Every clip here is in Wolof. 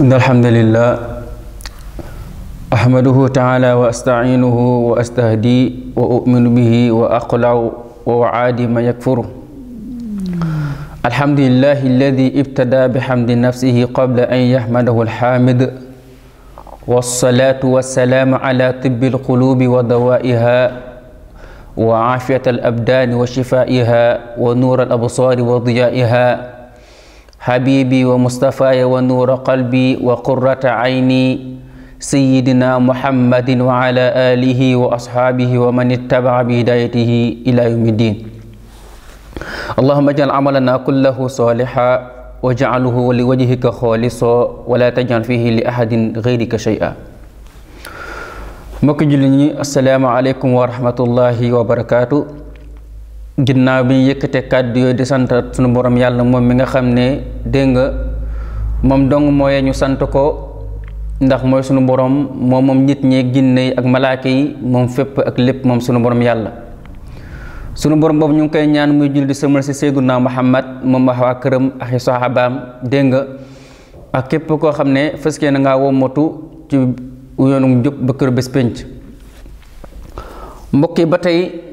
إن الحمد لله أحمده تعالى وأستعينه وأستهدي وأؤمن به وأقلع ووعادي ما يكفره الحمد لله الذي ابتدى بحمد نفسه قبل أن يحمده الحامد والصلاة والسلام على طب القلوب ودوائها وعافية الأبدان وشفائها ونور الأبصار وضيائها حبيبي ومصطفاي ونور قلبي وقرة عيني سيدنا محمد وعلى آله وأصحابه ومن اتبع بهدايته إلى يوم الدين اللهم اجعل عملنا كله صالحا واجعله لوجهك خالصا ولا تجعل فيه لأحد غيرك شيئا mbokk jullit ñi asalaamaaleykum wa rahmatullahi wa barakaatu ginnaaw bi ñu yëkkatee kàddu yooyu di santaat sunu boroom yàlla moom mi nga xam ne dégg nga moom dong mooyee ñu sant ko ndax mooy sunu borom moom moom nit ñi ginne yi ak malaaka yi moom fépp ak lépp moom sunu boroom yàlla sunu borom boobu ñu ngi koy ñaan muy julli di sëmal si Seydunaa Muhammad moom wax waa këram ak i saxaabaam dégg nga ak képp koo xam ne fëskee na ngaa wommatu ci yoonu njub ba kër bés pénc mbokk ba tey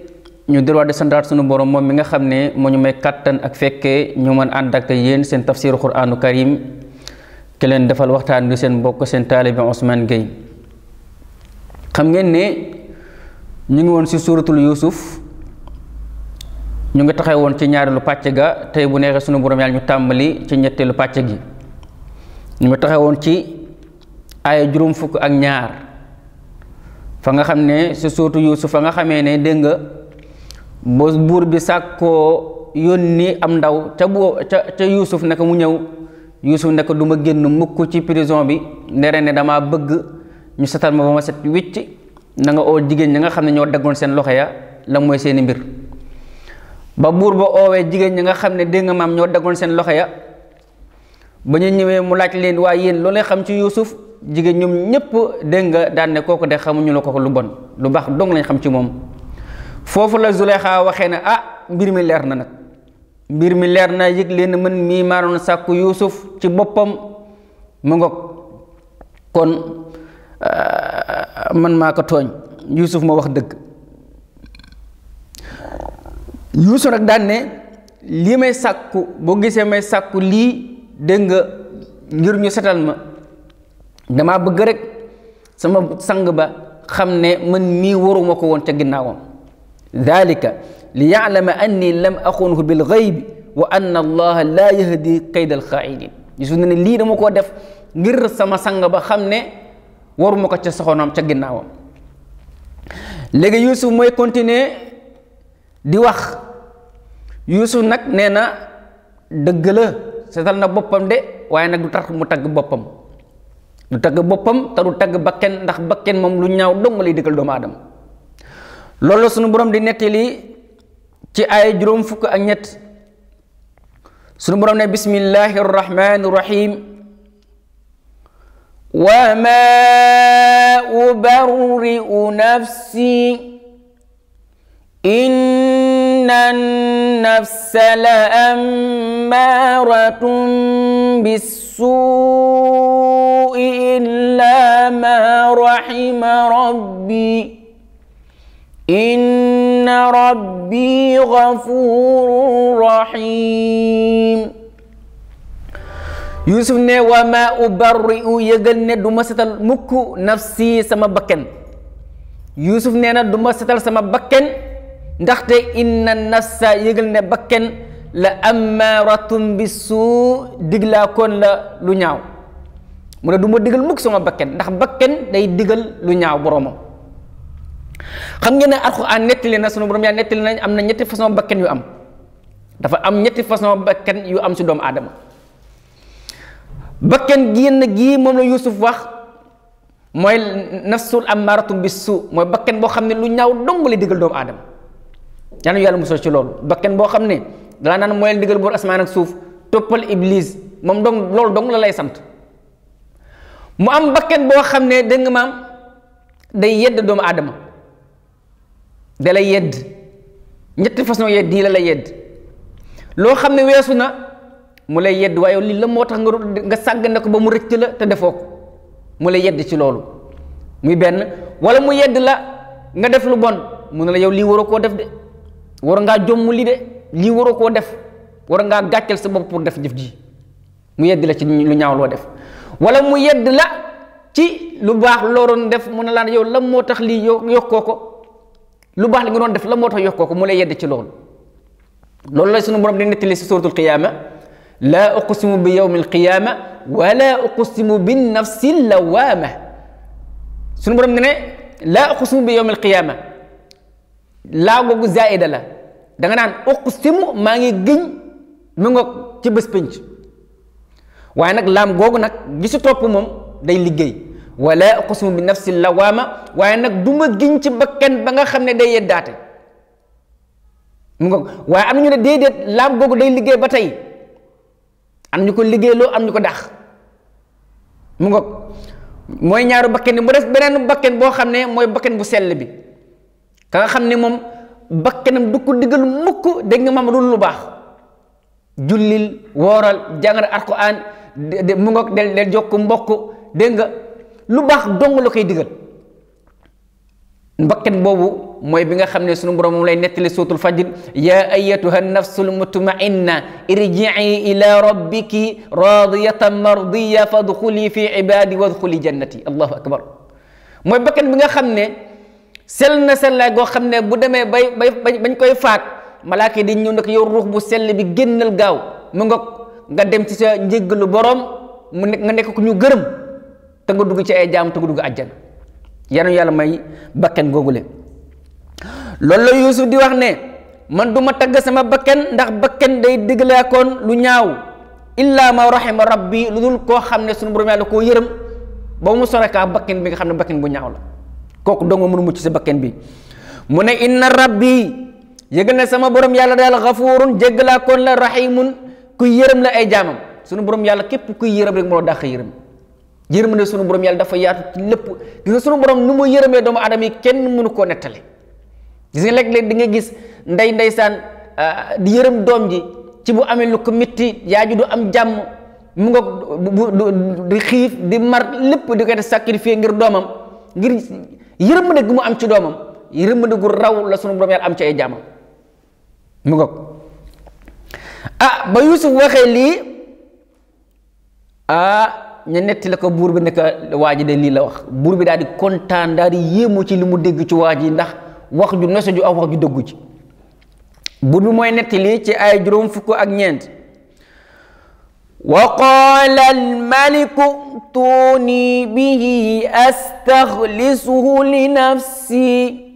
ñu delluwaat di santaat sunu borom moom mi nga xam ne moo ñu may kàttan ak fekkee ñu mën ànd ak yéen seen tafsiru quraanu karim ki leen defal waxtaan bi seen mbokk seen taalibe Ousmane Gueye xam ngeen ne ñu ngi woon ci suuratul Yuusuf ñu ngi taxaw woon ci ñaareelu pàcc ga tey bu neexee sunu boroom yàlla ñu tàmbali ci ñetteelu pàcc gi ñu ngi taxaw woon ci aaya juróom fukk ak ñaar fa nga xam ne ci suuratu Yuusuf fa nga xamee ne dégg ba buur bi sàkkoo yónni am ndaw ca boo ca ca yuusuf ne ko mu ñëw yuusuf ne ko du ma génn mukk ci prison bi ndere ne damaa bëgg ñu setal ma ba ma set wicc na nga oo jigéen ñi nga xam ne ñoo daggoon seen loxo ya la mooy seeni mbir ba buur ba oowee jigéen ñi nga xam ne dégg nga maam ñoo daggoon seen loxo ya ba ñu ñëwee mu laaj leen waaye yéen loolee xam ci yuusuf jigéen ñoom ñëpp dégg nga daan kooku de xamuñu la ko lu bon lu baax dong lañ xam ci moom foofu la Zuleyxa waxee ne ah mbir mi leer na nag mbir mi leer na yëg leen mën mii maa doon sàkku Yuusuf ci boppam mu ngoog kon ah, man maa ko tooñ Yuusuf ma wax dëgg Yuusuf nag daan lii may sàkku boo gisee may sàkku lii dégg nga ngir ñu setal ma damaa bëgg rekk sama sang ba xam ne mën mii waruma ko woon ca ginnaawam dalika li yaalama anni lam axunhu bil xaybi wa anna allaha laa yahdi kayda alxaainin Yuusuf ne ne lii dama koo def ngir sama sang ba xam ne waruma ko ca soxonoom ca ginnaawam léegi Yuusuf mooy continuer di wax Yuusuf nag nee na dëgg la setal na boppam de waaye nag du tax mu tagg boppam du tagg boppam te du tagg bakken ndax bakken moom lu ñaaw dong lay dëkkal doomu aadama loolu la sunu borom di nettali ci ay juróom fukk ak ñett sunu borom ne bismillahi wa ma ubarri'u nafsi inna nafsa la ammaratun bissu'i illa ma rahima rabbi inna rabbi ghafurun rahim yusuf ne wa ma ubarri'u yëgal ne du ma setal mukk nafsi sama bakken yusuf nee na du ma setal sama bakken ndaxte inna nafsa yëgal ne bakken la ammaratun bi suu diglaa koon la lu ñaaw mu duma du ma mukk sama bakken ndax bakken day digal lu ñaaw boroomam xam ngeen ne alxuraan nettali na sunu borom yaa nettali nañ am na ñetti façon bakkan yu am dafa am ñetti façon bakken yu am si doomu aadama bakkan génn gii moom la Yuusuf wax mooy nafsul ammaratu bi suu mooy bakken boo xam ne lu ñaaw dong la digal doomu aadama yaa nu yàlla musal ci loolu bakken boo xam ne dalaa naan mooy digal buur asmaan ak suuf toppal iblis moom dong loolu dong la lay sant mu am bakkan boo xam ne dégg nga maam day yedd doomu aadama da yedd ñetti façon yedd yi la la yedd loo xam ne weesu na mu lay yedd waaye lii la moo tax nga nga sàgg ne ko ba mu rëcc la te defoo ko mu la yedd ci loolu muy benn wala mu yedd la nga def lu bon mu ne la yow lii waroo koo def de war ngaa jomm lii de lii waroo koo def war ngaa gàcceel sa bopp pour def jëf ji mu yedd la ci lu ñaaw loo def wala mu yedd la ci lu baax loo doon def mu ne laa yow la moo tax lii yokkoo ko lu baax li nga doon def la moo tax yokkoo ko mu lay yedd ci loolu loolu la sunu borom di nettali si suratul qiyaama laa uqsimu bi yawmil qiyaama wala uqsimu bi nafsi lawaama sunu borom ne ne laa uqsimu bi yawmil qiyaama laa googu zaida la danga nga naan uqsimu maa ngi giñ mu ngoog ci bés waaye nag laam googu nag gisu topp moom day liggéey wala uqsimu bi nafsi lawaama waaye nag du ma giñ ci bakkan ba nga xam ne day yeddaate mu waaye am ñu ne déedéet laam googu day liggéey ba tey am ñu ko liggéeyloo am ñu ko dax mu nga mooy ñaaru bakken beneen bakken boo xam ne mooy bakken bu sell bi ka nga xam ne moom bakkenam du ko diggal mukk dégg ma maam lu baax jullil wooral jàngal alquran mu nga del del jokk mbokk dégg nga lu baax dong la koy digal mbakket boobu mooy bi nga xam ne sunu borom moom lay nettali suutul fajr yaa ayatuha nafsul mutmainna irjii ila rabbiki radiyatan mardiya fadxuli fi ibadi wadxuli jannati allahu akbar mooy bakkan bi nga xam ne sell na sellaay goo xam ne bu demee bay bay bañ koy faat malaaka di ñëw nag yow ruux bu sell bi génnal gaaw mu nga nga dem ci sa lu borom mu nekk nga nekk ku ñu gërëm te nga dugg ci ay jaam te dugg àjjana yanu yàlla may bakken googule loolu la Yuusuf di wax ne man du ma tagg sama bakken ndax bakken day digleekoon lu ñaaw illaa ma rahima rabbi lu dul koo xam ne suñu borom yàlla koo yërëm ba mu sore kaa bi nga xam ne bakken bu ñaaw la kooku dong mënu mucc si bakken bi mu ne inna rabbi yëgal ne sama borom yàlla daal xafuurun jéggalaakoon la rahimun kuy yërëm la ay jaamam sunu borom yàlla képp kuy yërëm rek moo la dàq yërëm yërmande sunu borom yàlla dafa yaatu ci lépp gis nga sunu borom nu mu yërëmee doomu aadama yi kenn mënu koo nettali gis nga léeg-léeg di nga gis ndey ndeysaan ah, di yërëm doom ji ci bu amee lu ko mitti yaa ju du am jàmm mu nga di xiif di mar lépp di koy def sacrifier ngir doomam ngir yërmande gu mu am ci doomam yërmande gu raw la sunu borom yàlla am ci ay jàmmam mu nga ah ba Yuusuf waxee lii ah, ña netti la ko buur bi ne waa ji de lii la wax buur bi daal di kontaan daal di yéemu ci li mu dégg ci waa ndax wax ju noso ju aw wax ju dëggu ci buur bi mooy netti lii ci ay juróom fukk ak ñeent wa qaala almaliku tuuni bihi astaxlisuhu li nafsi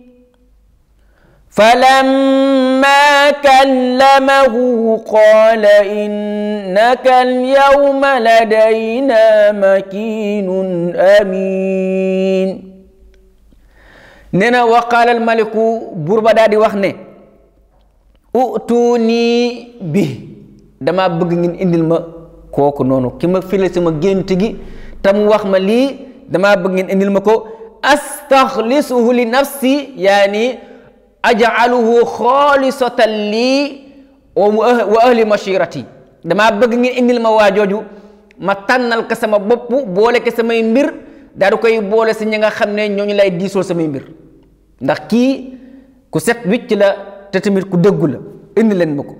فلما كلمه قال إنك اليوم لدينا مكين أمين nee na waqaalal maliku buur ba daal di wax ne utu nii bi dama bëgg ngeen indil ma kooku noonu ki ma file sama gént gi te mu wax ma lii dama bëgg ngeen indil ma ko astaxlisuhu li nafsi yaani ajaluhu xaalisatan lii wa ahli mashirati damaa bëgg ngeen indil ma waa jooju ma tànnal ka sama bopp boole ko samay mbir daa koy boole si ñi nga xam ne ñoo ñooñu lay diisool samay mbir ndax kii ku set wicc la te tamit ku dëggu la indi leen ma ko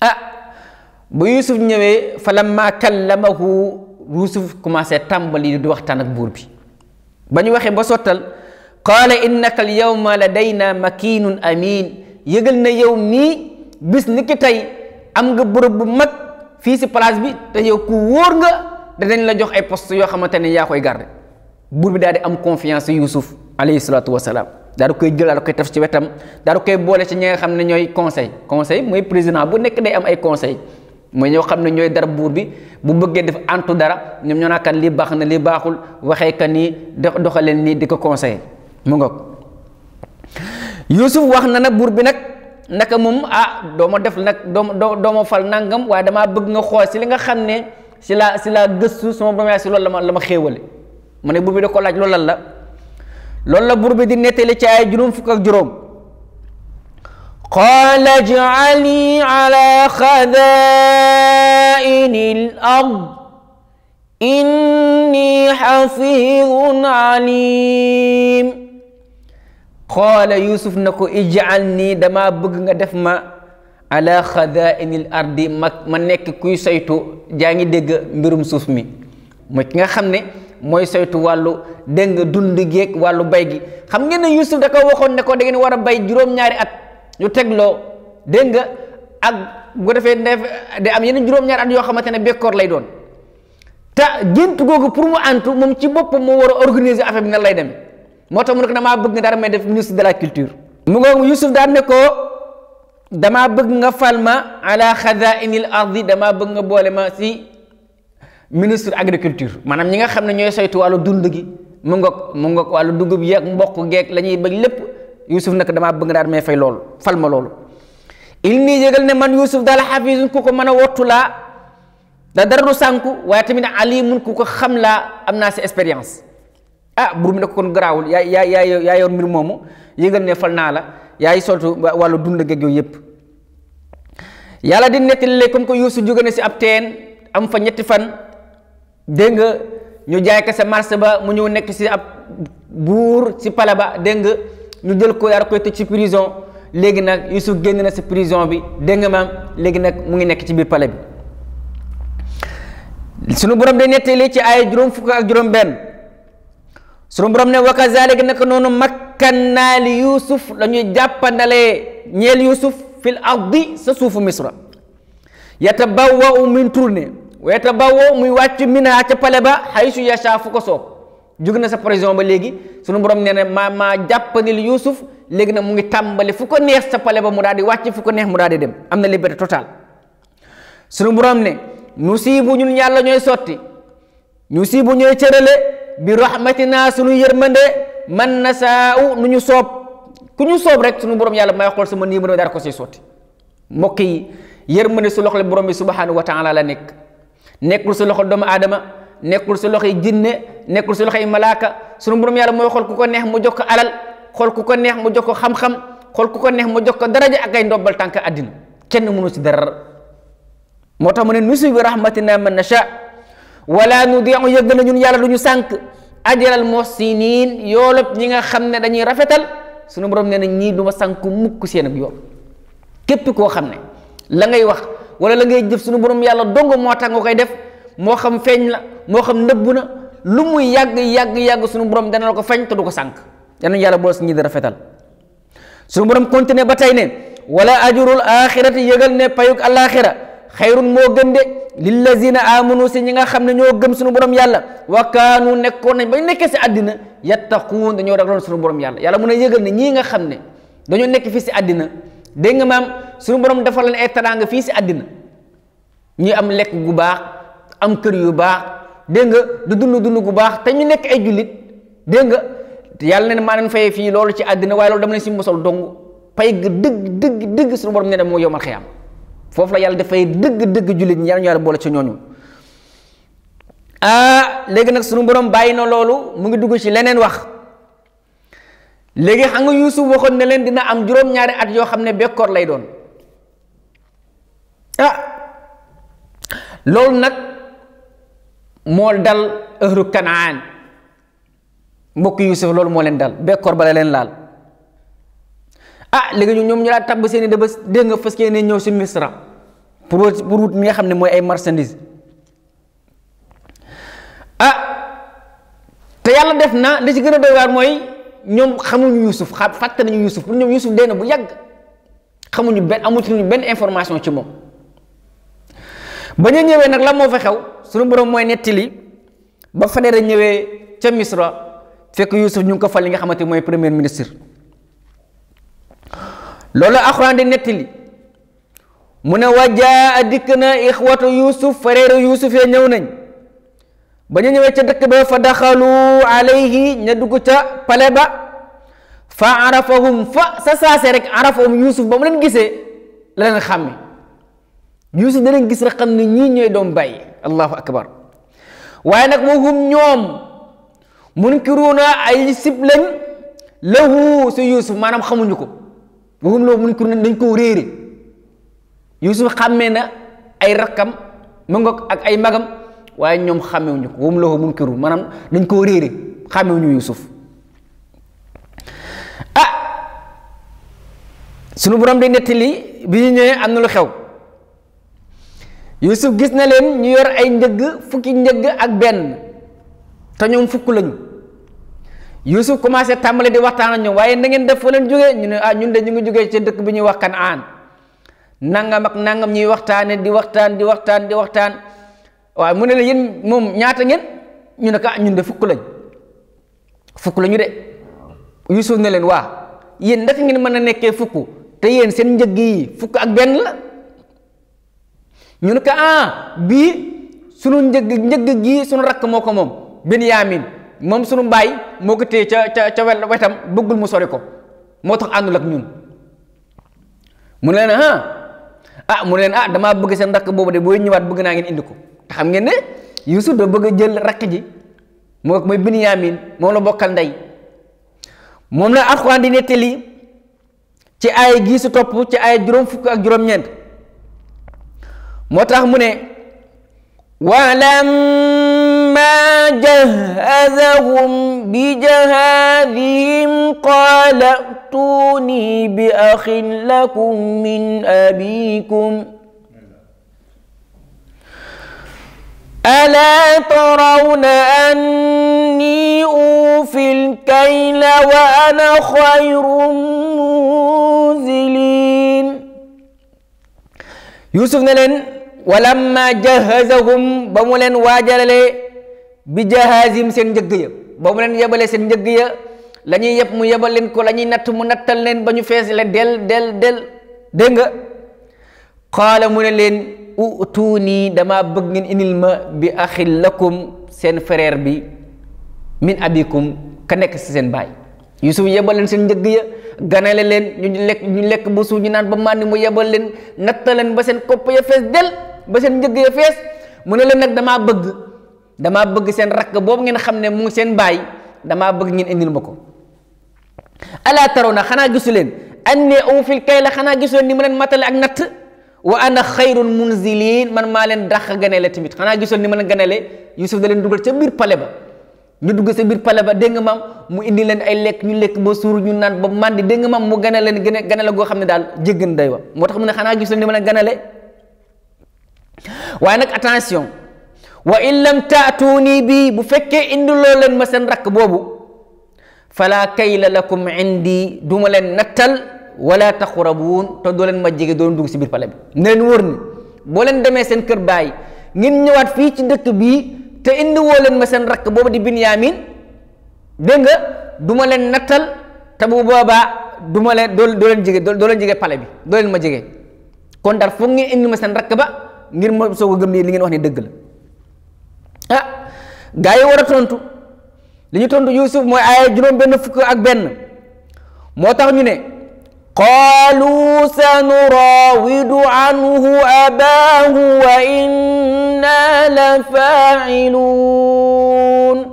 ah bu Yuusuf ñëwee fa lamma kallamahu Yuusuf commencé tàmbali di waxtaan ak buur bi ba ñu waxee ba sottal qaala innaka al yawma ladayna makinun amin yëgal na yow mii bis ni tey am nga bërëb bu mag fii si place bi te yow ku nga danañ la jox ay poste yoo xamante ne yaa koy garde buur bi di am confiance Yuusuf alayhi salaatu wasalaam daa di koy jël daa koy taf ci wetam daa koy boole ci ñi nga xam ne ñooy conseil conseil mooy président bu nekk day am ay conseil mooy ñoo xam ne ñooy dara buur bi bu bëggee def antu dara ñoom ñoo naan kan lii baax na lii baaxul waxee kan nii doxaleen nii di ko conseil mu ngoog Yuusuf wax na nag buur bi nag naka moom ah doo ma def nag doo doo ma fal nangam waa damaa bëgg nga xool si li nga xam ne si laa si laa gëstu sama si loolu la ma la ma mu ne buur bi da ko laaj juróom fukk ak juróom qaala ij'alnii alaa xazaa'inil ard innii xafiizun xoola yusuf na ko ijaal nii damaa bëgg nga def ma ala xadainil ardi ma ma nekk kuy saytu jaa ngi dégg mbirum suuf mi mooy ki nga xam ne mooy saytu wàllu dégg nga dund géeg wàllu bay gi xam ngeen ne yusuf da ko waxoon ne ko da ngeen war a bay juróom-ñaari at yu tegloo dégg nga ak bu ko defee def da am yeneen juróom-ñaari at yoo xamante ne bekkoor lay doon te gént googu pour mu antu moom ci boppam moo war a organiser affaire bi nan lay dem moo tax mu ne ko damaa bëgg nga daal may def ministre de la culture mu ngoog Youssouf daal ne ko damaa bëgg nga fal ma ala xazainil ardi damaa bëgg nga boole ma si ministre agriculture maanaam ñi nga xam ne ñooy saytu wàllu dund gi mu ngoog mu ngoog wàllu dugub yeeg mboq geeg la ñuy bëgg lépp Youssouf nag damaa bëgg daal may fay loolu fal ma loolu il nii yëgal ne man Youssouf daal xafisun ku ko mën a wottu laa da dara du sànku waaye tamit alimun ku ko xam laa am naa si expérience ah buur bi ne ko kon garaawul yaa yaa yaa yaa yor mbir moomu yëgal ne fal naa la yaay soltu wàllu dund géej yooyu yëpp yàlla di nettali comme que Yuusuf jóge na si ab teen am fa ñetti fan dégg nga ñu jaay ko sa marché ba mu ñëw nekk si ab buur si pale ba dégg nga ñu jël ko yar koy tëj ci prison léegi nag Yuusuf génn na si prison bi dégg nga maam léegi nag mu ngi nekk ci biir pale bi sunu borom day nettali ci ay juróom fukk ak juróom benn sunu borom ne wa kazalik naka noonu makkan naa li yusuf la ñuy jàppandalee ñeel yusuf fil ardi sa suufu misra yatabawwa'u min tourné wa yatabawwa'u muy wàcc minha ca pale ba haysu yasha fu ko soob jóg na sa prison ba léegi sunu borom nee na maa maa jàppandil yusuf léegi nag mu ngi tàmbali fu ko neex sa pale ba mu daal di wàcc fu ko neex mu daal di dem am na liberté totale sunu borom ne nu siibu ñun yàlla ñooy sotti ñu siibu ñooy cërale bi rahmatina sunu yërmande man nasaaw nu ñu soob ku ñu soob rek su sunu borom yàlla may xool sama numéro dara ko siy sotti mbokk yi yërmande su loxo borom bi subhanahu wa taala la nekk nekkul su loxo doomu aadama nekkul su loxo yi jinne nekkul su loxo yi malaaka sunu borom yàlla mooy xool ku ko neex mu jox ko alal xool ku ko neex mu jox ko xam-xam xool ku ko neex mu jox ko daraja ak ay ndobbal tànk àddina kenn mënu ci dara moo tax mu ne nusi bi rahmatina wala nudiu yëgg na ñun yàlla duñu du ñu sànq ajral muhsinin yoolub ñi nga xam ne dañuy rafetal sunu borom nee na ñii du ma sànq mukk seen ak képp koo xam ne la ngay wax wala la ngay jëf sunu borom yàlla dong moo tax nga koy def moo xam feeñ la moo xam nëbbu na lu muy yàgg yàgg yàgg sunu borom dana ko feeñ ko sànq danañ yàlla ñi di rafetal ba tey ne wala ajrul axirati yëgal ne payuk alaxira xayrun moo gën de lillazina amanu si ñi nga xam ne ñoo gëm suñu borom yàlla wa kaanu nekkoon nañ bañ nekkee si àddina yattaquun dañoo ragloon suñu borom yàlla yàlla mun a yëgal ne ñii nga xam ne dañoo nekk fii si àddina dégg nga maam suñu borom dafa leen ay teraanga fii si àddina ñuy am lekk gu baax am kër yu baax dégg nga du dund dund gu baax te ñu nekk ay jullit dégg nga yàlla ne maa leen fayee fii loolu ci àddina waaye loolu dama leen si mosal dong pay dëgg dëgg dëgg sunu borom ne ne moo yomal xiyaam foofu la yàlla dafay dëgg-dëgg jullit ñi yàlla ñu boole ci ñooñu ah léegi nag sunu borom bàyyi na loolu mu ngi dugg ci leneen wax léegi xam nga Yuusuf waxoon ne leen dina am juróom-ñaari at yoo xam ne bekkoor lay doon ah loolu nag moo dal ëhru Kanaan mbokk Yuusuf loolu moo leen dal bekkoor ba la leen laal ah léegi ñu ñoom ñu laa tabb seen i dëbës dégg nga fas yéene ñëw si misra pour pour wut mi nga xam ne mooy ay marchandises ah te yàlla def na li ci gën a doy waar mooy ñoom xamuñu Yuusuf xa fàtte nañu Yuusuf pour ñoom Yuusuf dee na bu yàgg xamuñu benn amatuñu benn information ci moom ba ñu ñëwee nag la moo fa xew suñu borom mooy nettali ba Faidherbe ñëwee ca misra fekk Yuusuf ñu ngi ko fal li nga xamante mooy premier ministre. loolu alxuraan di nettali mu ne wajaa dikk na ixwatu yusuf frère yusuf ya ñëw nañ ba ñu ñëwee ca dëkk ba fa daxalu alayhi ña dugg ca pale ba fa arafahum fa sa saase rek arafahum yusuf ba mu leen gisee la leen xàmme yusuf da gis rek ni ne ñii ñooy doom bàyyi allahu akbar waaye nag wahum ñoom munkiruuna ay sib lañ lahu si yusuf maanaam xamuñu ko magum loo mun ko dañ koo réere Yuusuf xàmmee na ay rakkam ma ngoog ak ay magam waaye ñoom xàmmewuñu ko wum loo mun kiru maanaam dañ koo réere xàmmewuñu Yuusuf ah sunu borom day nettali bi ñu ñëwee am na lu xew Yuusuf gis na leen ñu yor ay njëgg fukki njëgg ak benn te ñoom fukk lañu Yuusuf commencé tàmbali di waxtaan ak ñoom waaye na ngeen def fa leen ñu ne ah ñun ne ñu ngi jógee ci dëkk bi ñuy wax Kanaan nangam ak nangam ñuy waxtaane di waxtaan di waxtaan di waxtaan waaw mu ne la yéen moom ñaata ngeen ñu ne ka ah, ñu ñun de fukk lañ fukk lañu de Yuusuf ne leen waa yéen ndax ngeen mën a nekkee fukk te yéen seen njëg yi fukk ak benn ñu ne ko ah bii sunu njëg njëg gii sunu rakk moo ko moom Binyaamin moom sunu mbaay moo ko téye ca ca ca wetam bëggul mu sori ko moo tax àndul ak ñun mu ne leen ah ah mu ne leen ah damaa bëgg seen rakk boobu de booy ñëwaat bëgg naa ngeen indi ko te xam ngeen ne Yuusuf da bëgg a jël rakk ji moo mooy Binyamin moom la bokkal ndey moom la Alxuraan di nettali ci ay gii su topp ci ay juróom fukk ak juróom-ñeent moo tax mu ne walam فلما جهزهم بجهادهم قال ائتوني بأخ لكم من أبيكم ألا ترون أني أوفي الكيل وأنا خير منزلين يوسف ne leen walamma jahazahum ba mu leen waajalale bi jahaazim seen njëgg ya ba mu leen yebalee seen njëgg ya la ñuy mu yebal leen ko lañuy ñuy natt mu nattal leen ba ñu fees la del del del dégg nga qaala mu ne leen utuunii dama bëgg ngeen inil ma bi axil lakum seen frère bi min abikum ka nekk si seen baay yusuf yebal leen seen njëgg ya ganale leen ñu lekk ñu lekk ba suuf ñu naan ba màndi mu yebal leen natta leen ba seen kopp del ba seen mu ne leen nag damaa bëgg damaa bëgg seen rakk boobu ngeen xam ne mu ngi seen baay damaa bëgg ngeen indil ma ko alaa taraw na xanaa gisu leen annee awfil kay la xanaa gisu leen ni ma leen matale ak natt wa ana xayrul munzilin man maa leen dàq ganele tamit xanaa gisul ni ma leen ganele Yusuf da leen dugal ca biir pale ba ñu dugg sa biir ba dégg nga maam mu indi leen ay lekk ñu lekk ba suur ñu naan ba màndi dégg nga mu gane leen gane ganele goo xam ne daal jéggan day moo tax mu ne xanaa gisul ni ma leen ganele waaye nag attention wa in lam taatuuni bii bu fekkee indiloo leen ma seen rakk boobu falaa kayla lakum indi du ma leen nattal wala taqrabuun te doo leen ma jege doon dugg si biir pale bi ne leen ni boo leen demee seen kër baay ngeen ñëwaat fii ci dëkk bii te indi woo ma seen rakk boobu di Binyaamin dégg nga du leen nattal te bu boobaa du leen doo doo leen doo leen jege pale bi doo ma jege kon dar foog ngeen indi ma seen rakk ba ngir ma soog a gëm ni li ngeen wax ni dëgg la gaa yi war a tontu li ñu tontu Yuusuf mooy aaya juróom benn fukk ak benn moo tax ñu ne qaalu sanuraawidu anhu abaahu wa inna la faa'iluun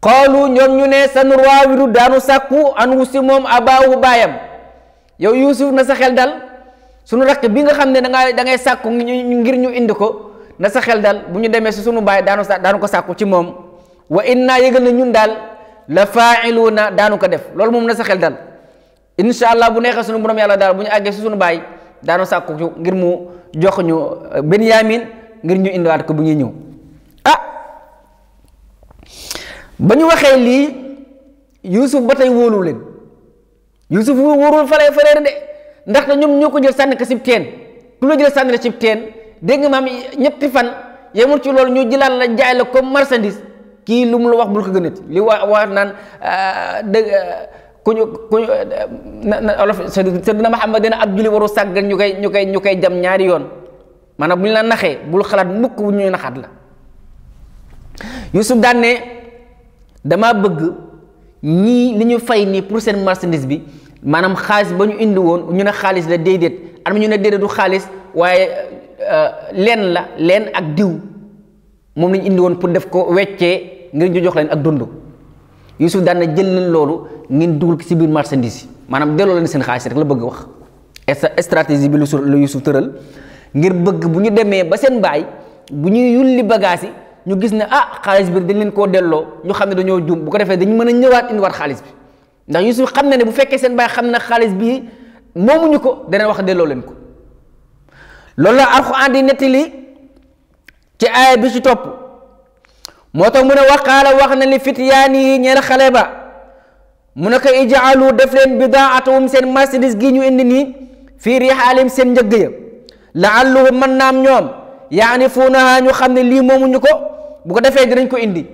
qaalu ñoom ñu ne sanuraawidu daanu si moom abaahu baayam yow Yuusuf na sa xel dal sunu rakk bi nga xam ne da ngay da ngay sàkku ngir ñu indi ko na sa xel daal bu ñu demee si sunu baay daanu sa daanu ko sàkku ci moom wa inna yëgal na ñun daal la faa'iluuna daanu ko def loolu moom na sa xel daal incha allah bu neexee sunu borom yàlla daal bu ñu àggee si sunu baay daanu sàkku ngir mu jox ñu euh, Benyamin ngir ñu indiwaat ko bu ñuy ñëw ah ba ñu waxee lii Yuusuf ba tey wóolu leen Yuusuf wóorul fa lay fareer de ndaxte ñoom ñoo ko jël sànni ko cib teen ku la jël sànni la cib teen dégg nga maam ñetti fan yemul ci loolu ñu jëlaat la jaay la comme marchandise kii lu mu la wax bul ko gënati li waa waa naan ah, dëgg ku ñu ku ñu olof Seydina Muhammad dina ab julli waru sàggan ñu koy ñu koy ñu koy jam ñaari yoon maanaam bu ñu la naxee bul xalaat mukk bu ñuy naxaat la Yusuf daan dama bëgg ñii li ñu fay nii pour seen marchandise bi maanaam xaalis ba ñu indi woon ñu ne xaalis la déedéet am ñu ne déedéet xaalis waaye Euh, leen la leen ak diw moom lañu indi pour def ko weccee ngir ñu jox leen ak dund Yuusuf daan na jël leen loolu ngeen dugal ci biir marchandise yi maanaam delloo leen seen xaalis rek la bëgg wax stratégie bi lu su Yuusuf tëral ngir bëgg bu ñu demee ba seen baay bu ñuy yulli bagages yi ñu gis ne ah xaalis bi dañ leen koo delloo ñu xam ne dañoo juum bu ko defee dañu mën a ñëwaat indiwaat xaalis bi ndax Yuusuf xam na ne bu fekkee seen baay xam na xaalis bi moomuñu ko dana wax delloo leen ko loolu la alxuraan di nettali ci aaya bi ci topp moo tax mu ne waqaala wax na li fityaan yi ñeel xale ba mu ne ko ijaalu def leen bidaatahum seen marchandise gi ñu indi nii fii rixaalim seen njëgg ya laallahum mën naam ñoom yaanifuunaha ñu xam ne lii moomuñu ko bu ko defee dinañ ko indi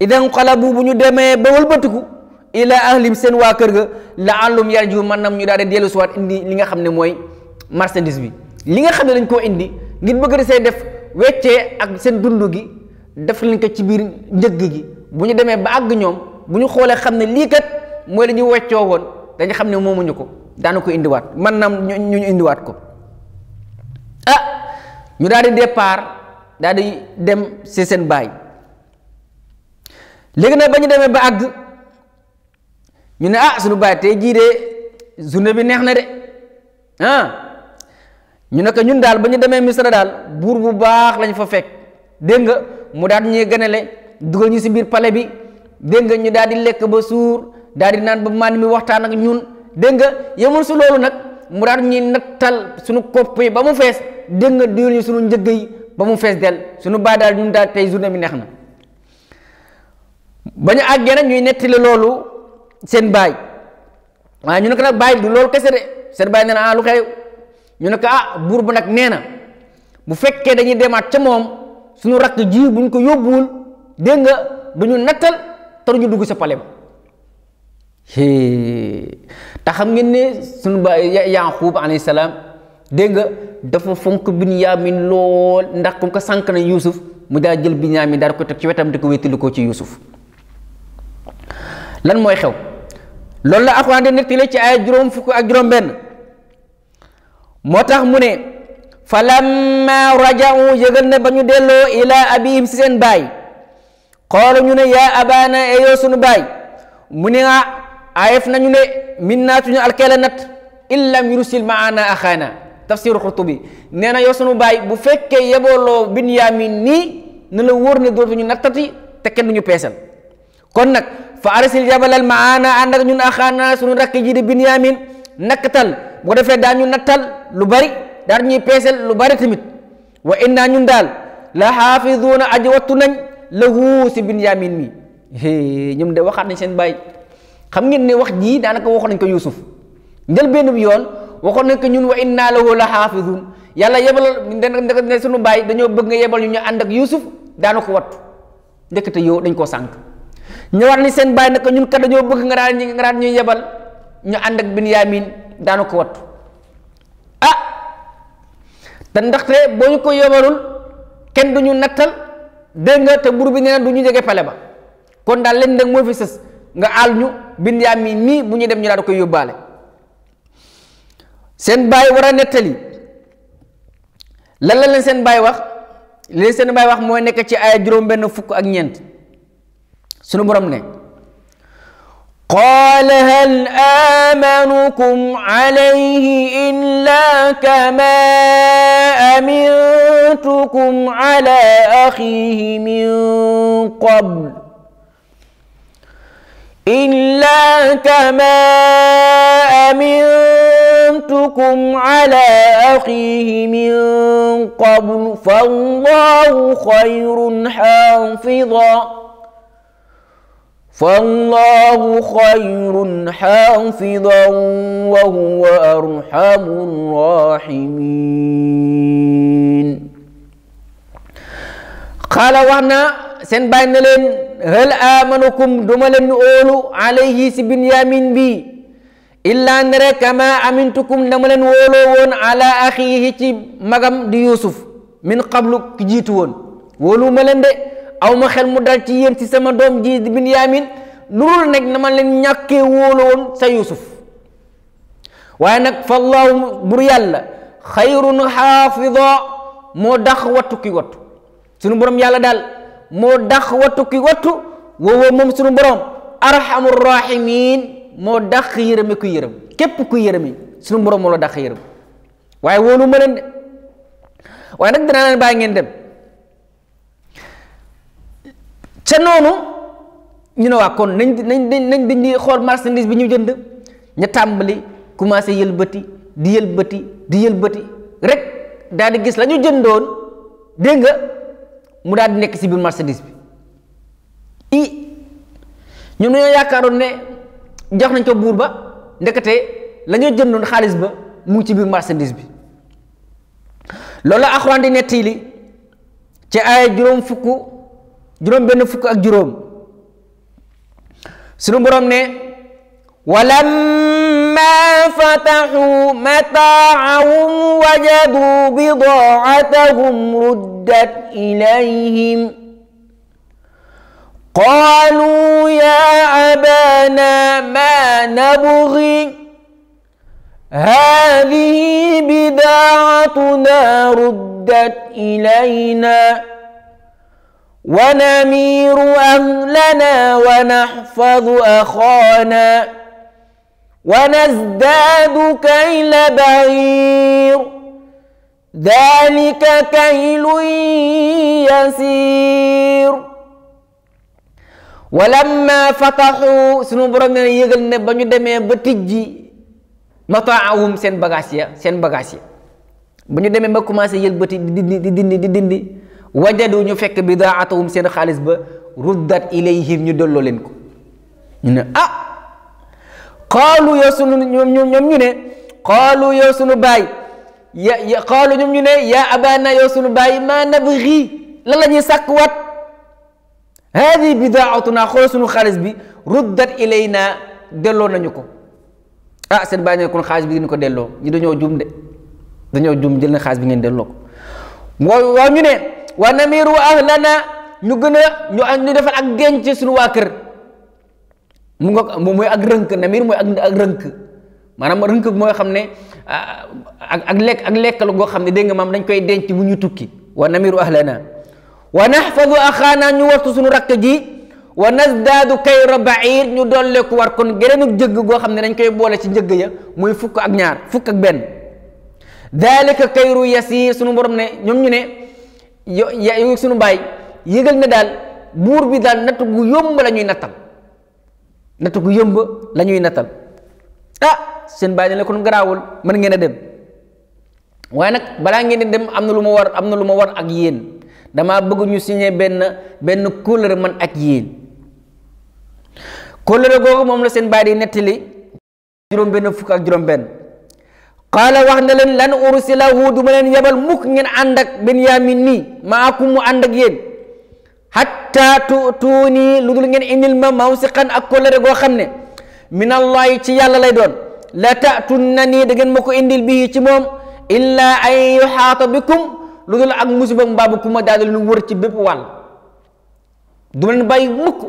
idan qalabu bu ñu demee ba wëlbatiku ilaa ahlim seen waa kër ga la laallahum yarjiu mën naam ñu daal di dellu siwaat indi li nga xam ne mooy marchandise bi li nga xam ne dañ koo indi ngir bëgg di see def weccee ak seen dund gi def lañ ko ci biir njëgg gi bu ñu demee ba àgg ñoom bu ñu xoolee xam ne lii kat mooy la ñu woon dañu xam ne moomuñu ko daana ko indiwaat man naam ñu ñu indiwaat ko ah ñu daal di départ daal di dem si seen baay léegi nag ba ñu demee ba àgg ñu ne ah suñu baay tey jii de journée bi neex na de ah ñu ne ko ñun daal ba ñu demee misra daal buur bu baax lañu fa fekk dégg nga mu daal ñuy ganale dugal ñu si biir pale bi dégg nga ñu daal di lekk ba suur daal di naan ba maan mi waxtaan ak ñun dégg nga yemul su loolu nag mu daal ñuy nattal suñu kopp yi ba mu fees dégg nga diwul suñu njëgg yi ba mu fees del suñu baay daal ñun daal tey journée bi neex na ba ñu àggee nag ñuy nettali loolu seen baay waaye ñu ne nag baay du loolu kese de seen baay nee na ah lu ñu ne ko ah buur ba nag nee na bu fekkee dañuy demaat ca moom suñu rakk ji buñ ko yóbbuwul dégg nga duñu nattal te duñu dugg sa palem te xam ngeen ni suñu ba Yaquub alayhi salaam dégg nga dafa fonk Binyaamin lool ndax comme que sanq na Yuusuf mu daal jël Binyaamin daal ko teg ci wetam di ko wéttali ko ci Yuusuf lan mooy xew loolu la Alxuraan di nettali ci ay juróom fukk ak juróom benn moo tax mu ne falamma raja'u yëgal ne ba ñu delloo ilaa abihim si seen baay xoolu ñu ne yaa abana e yoo sunu baay mu ne a ah, ayef nañu ne min naatuñu alkeela nat illam yursil maana axaana tafsiru xurtubi nee na yoo sunu baay bu fekkee yebooloo binyamin nii ne la wóor ne dootuñu nattati te kenn duñu peesal kon nag fa arsil jabalal maana ànd ak ñun axaana sunu rakk ji di binyamin bu ko defee daa ñu nattal lu bari daa ñuy peesel lu bari tamit wa inna ñun daal la xaafizuuna aji wattu nañ lahu si binyamin mi ñoom de waxaat nañ seen bàyyi xam ngeen ne wax jii daanaka waxoon nañ ko yusuf njël benn yoon waxoon nañ ñun wa inna lahu la xaafizuun yàlla yebal ne sunu bàyyi dañoo bëgg nga yebal ñu ñu ànd ak yusuf daana ko wattu ndekete yow dañ koo sànq ñëwaat ni seen bàyyi nag ñun ka dañoo bëgg nga daan nga daan ñuy yebal ñu ànd ak binyamin daanu ko wattu a ah! te ndaxte boo ñu ko yobarul kenn du ñu nattal dégg nga te buur bi nee na du ñu jege pale ba kon daal leen dëng moo fi sës nga àll ñu bindiyaam mi nii bu ñu dem ñu daal koy yóbbaale seen bàyyi war a nettali lan la leen seen bàyyi wax li leen seen bàyyi wax mooy nekk ci ay juróom benn fukk ak ñeent sunu boroom ne قال هل آمنكم عليه إلا كما أمنتكم على أخيه من قبل إلا كما أمنتكم على أخيه من قبل فالله خير حافظاً فالله خير حافظا وهو أرحم الراحمين قال وحنا سن باين لين هل آمنكم دملن أولو عليه سبنيامين بي إلا نرى كما أمنتكم دملن أولو ون على أخيه مغم دي يوسف من قبل كجيتون ولو ملن دي aw ma xel mu dal ci yéen ci sama doom ji di Binyaamin lu dul nag na ma leen ñàkkee wóolu woon sa Yuusuf waaye nag fa allahu bur yàlla xayrun xaafida moo dax wattu ki wattu sunu borom yàlla daal moo dax wattu ki wattu woowoo moom sunu borom arhamur rahimin moo dax yërëme ku yërëm képp ku yërëme sunu borom moo la dax yërëm waaye wóolu ma leen de waaye nag dinaa leen bàyyi ngeen dem ca noonu ñu ne waa kon nañ nañ nañ dindi xool marchandise bi ñu jënd ña tàmbali commencé yëlbati di yëlbati di yëlbati rek daal di gis lañu ñu jëndoon dégg mu daal di nekk ci biir marchandise bi i ñoom dañoo yaakaaroon ne jox nañ ko buur ba ndekete la ñu jëndoon xaalis ba mu ci biir marchandise bi loolu la Alxuraan di nettali ci ay juróom fukk juróom benn fukk ak juróom sunu borom ne walamma fataxu mataahum wajadu bidaatahum ruddat ilayhim qaalu ya abana ma nabgi hadihi bidaatuna ruddat ilayna ونمير أهلنا ونحفظ أخانا ونزداد كيل بعير ذلك كيل يسير walamma fataxu sunu borom ne yëgal ne ba ñu demee ba tijji mataawum seen bagage ya seen bagage ya ba ñu demee ba commencé yëlbati di dindi di dindi di dindi wajadu ñu fekk bidaatahum seen xaalis ba ruddat ilayhim ñu delloo leen ko ñu ne ah qaalu yow sunu ñoom ñoom ñu ne qaalu yow sunu baay ya ya qaalu ñoom ñu ne yaa abana yow sunu baay maa nabgi la la ñuy sàkkuwaat haadi bidaatunaa xool sunu xaalis bi ruddat ilaynaa delloo nañu ko ah seen baay ne kon xaalis bi ngeen ko delloo ñu dañoo jum de dañoo jum jël na xaalis bi ngeen delloo ko waaw waaw ñu ne wa namiru ahlana ñu gën a ñu ñu defal ak genc suñu waa kër mu nga mooy ak rënk namir mooy ak rënk maanaam rënk moo xam ne ak ak lekk ak lekkal goo xam ne dégg nga maam dañ koy denc bu ñu tukki wa namiru ahlana wa nahfadu axaana ñu wartu suñu rakk ji wa nasdaadu kayra bair ñu dolleeku war kon geneenu jëgg goo xam ne dañ koy boole ci njëgg ya muy fukk ak ñaar fukk ak benn dalika kayru yasir suñu borom ne ñoom ñu ne yo yow sunu baay yëgal ne daal buur bi daal natt gu yomb la ñuy nattal natt gu yomb la ñuy nattal ah seen baay ne la kon garaawul mën ngeen a dem waaye nag balaa ngeen di dem am na lu ma war am na lu ma war ak yéen damaa bëgg ñu signé benn benn kóllëre man ak yéen kóllëre googu moom la seen baay di nettali juróom benn fukk ak juróom benn qaala wax na leen lan ursilahu du ma leen yebal mukk ngeen ànd benyamin nii maakum mu ànd ak yéen hatta lu dul ngeen indil ma mawsiqan ak kóllëre goo xam ne min allahi ci yàlla lay doon la tatunna nii da ngeen ma ko indil bii ci moom illaa an yuxaata bikum lu dul ak musiba mbaabu ku ma daal lu wër ci bépp wàll du ma leen bàyyi mukk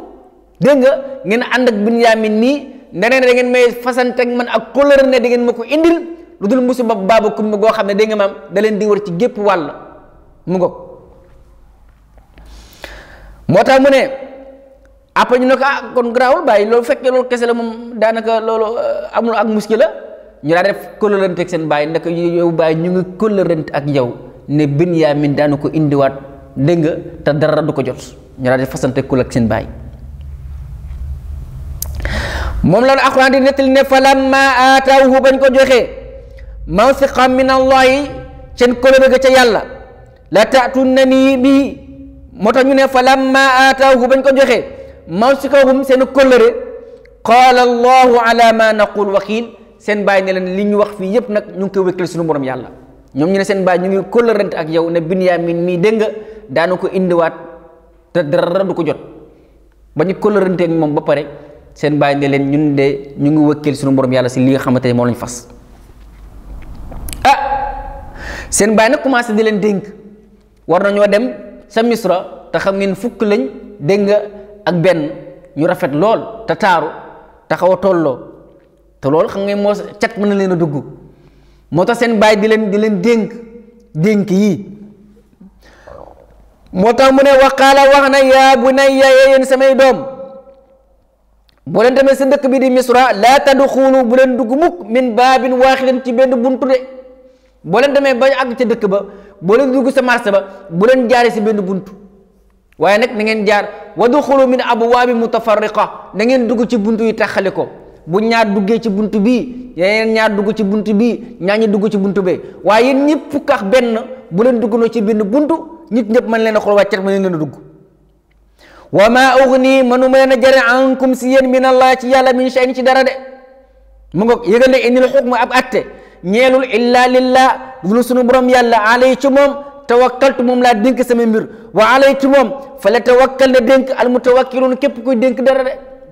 dégg nga ngeen ànd benyamin nii ne da ngeen may fasante ak man ak kóllëre ne da ngeen ma ko indil lu dul musiba baaba kumba goo xam ne dégg nga maam da leen di wër ci gépp wàll mu ngoog moo tax mu ne après ñu ne ah kon garaawul bàyyi loolu fekkee loolu kese la moom daanaka loolu euh, amul ak muskila ñu daa def kóllërante ak seen bàyyi ndaka yow bàyyi ñu ngi kóllërante ak yow ne Binyaamin daanu ko indiwaat dégg nga te dara du ko jot ñu daa def seen bàyyi ko joxee mawsiqa min allahi seen kóllëre ga ca yàlla la taatunna nii bii moo tax ñu ne fa lamma aataahu bañ ko joxee mawsiqahum seen kóllëre qaala allahu ala ma naqul wakiil seen bàyyi ne li ñu wax fii yépp nag ñu ngi koy wékkal suñu borom yàlla ñoom ñu ne seen bàyyi ñu ngi kóllërante ak yow ne binyamin mii dégg nga daanu ko indiwaat te dara du ko jot ba ñu kóllërante ak moom ba pare seen bàyyi ne ñun de ñu ngi wëkkil suñu borom yàlla si li nga xamante ne moom lañ fas seen baay nag commencé di leen dénk war nañoo dem sa misra te xam ngeen fukk lañ dégg nga ak benn ñu rafet lool te taaru te xaw a tolloo te loolu xam ngeen moo cat mën na leen a dugg moo tax seen baay di leen di leen dénk dénk yii moo tax mu ne waqaala wax na yaa bunayya yéen samay doom boo leen demee sa ndëkk bi di misra laa tadxulu bu leen dugg mukk min baabin waaxidin ci benn buntu de boo leen demee ba àgg ca dëkk ba boo leen dugg sa marché ba bu leen jaaree si benn buntu waaye nag na ngeen jaar waduxulu min abwaabi mutafarriqa na ngeen dugg ci bunt bi taxali ko bu ñaar duggee ci buntu bii ñaar dugg ci bunt bi ñaar ñi dugg ci buntu bee waaye yéen ñëpp fukk ak benn bu leen dugg noo ci benn buntu nit ñëpp mën leen a xool wàccat mën leen a dugg wa maa ugnii manuma leen a jare ankum si yéen min allah ci yàlla min shay'in ci dara de mu nga yëgal ne inil xukma ab atte ñeenul illaa lillah lu sunu borom yàlla alay ci moom tawakkaltu moom laa dénk sama mbir wa alay ci moom fala tawakkal na dénk al mutawakkiluun képp kuy dénk dara de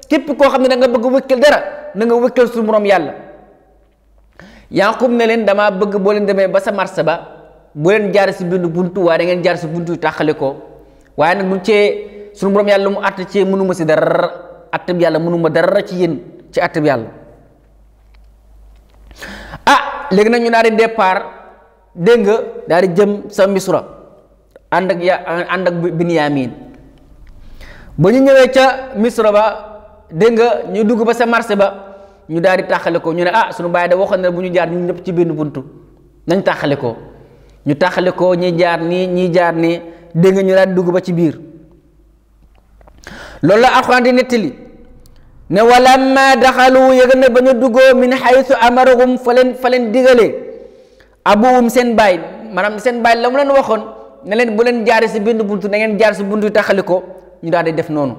képp koo xam ne da nga bëgg wëkkal dara na nga wëkkal sunu borom yàlla yaqub ne leen damaa bëgg boo leen demee ba sa marché ba bu leen jaar si bindu buntu waaye da ngeen jaar si buntu yu tàqale ko waaye nag bu cee sunu borom yàlla mu àtt cee mënuma si dara attab yàlla mënuma dara ci yéen ci attab yàlla ah, léegi nag ñu daal di départ dégg nga daal di jëm sa misra ànd ak ya ànd ak Binyamin ba ñu ñëwee ca misra ba dégg nga ñu dugg ba sa marché ba ñu daal di tàqale ko ñu ne ah suñu bàyyi da waxoon ne bu ñu jaar ñu ñëpp ci benn buntu nañ tàqale ko ñu tàqale ko ñi jaar nii ñi jaar nii dégg ñu daal di dugg ba ci biir loolu la Alxuraan di nettali ne walamma daxalu yëg na ba ñu duggoo min xaysu amarahum fa leen fa leen digalee abuwum seen baay maanaam seen baay la mu leen waxoon ne leen bu leen jaare si bindu buntu na ngeen jaar si buntu yi taxali ko ñu daal di def noonu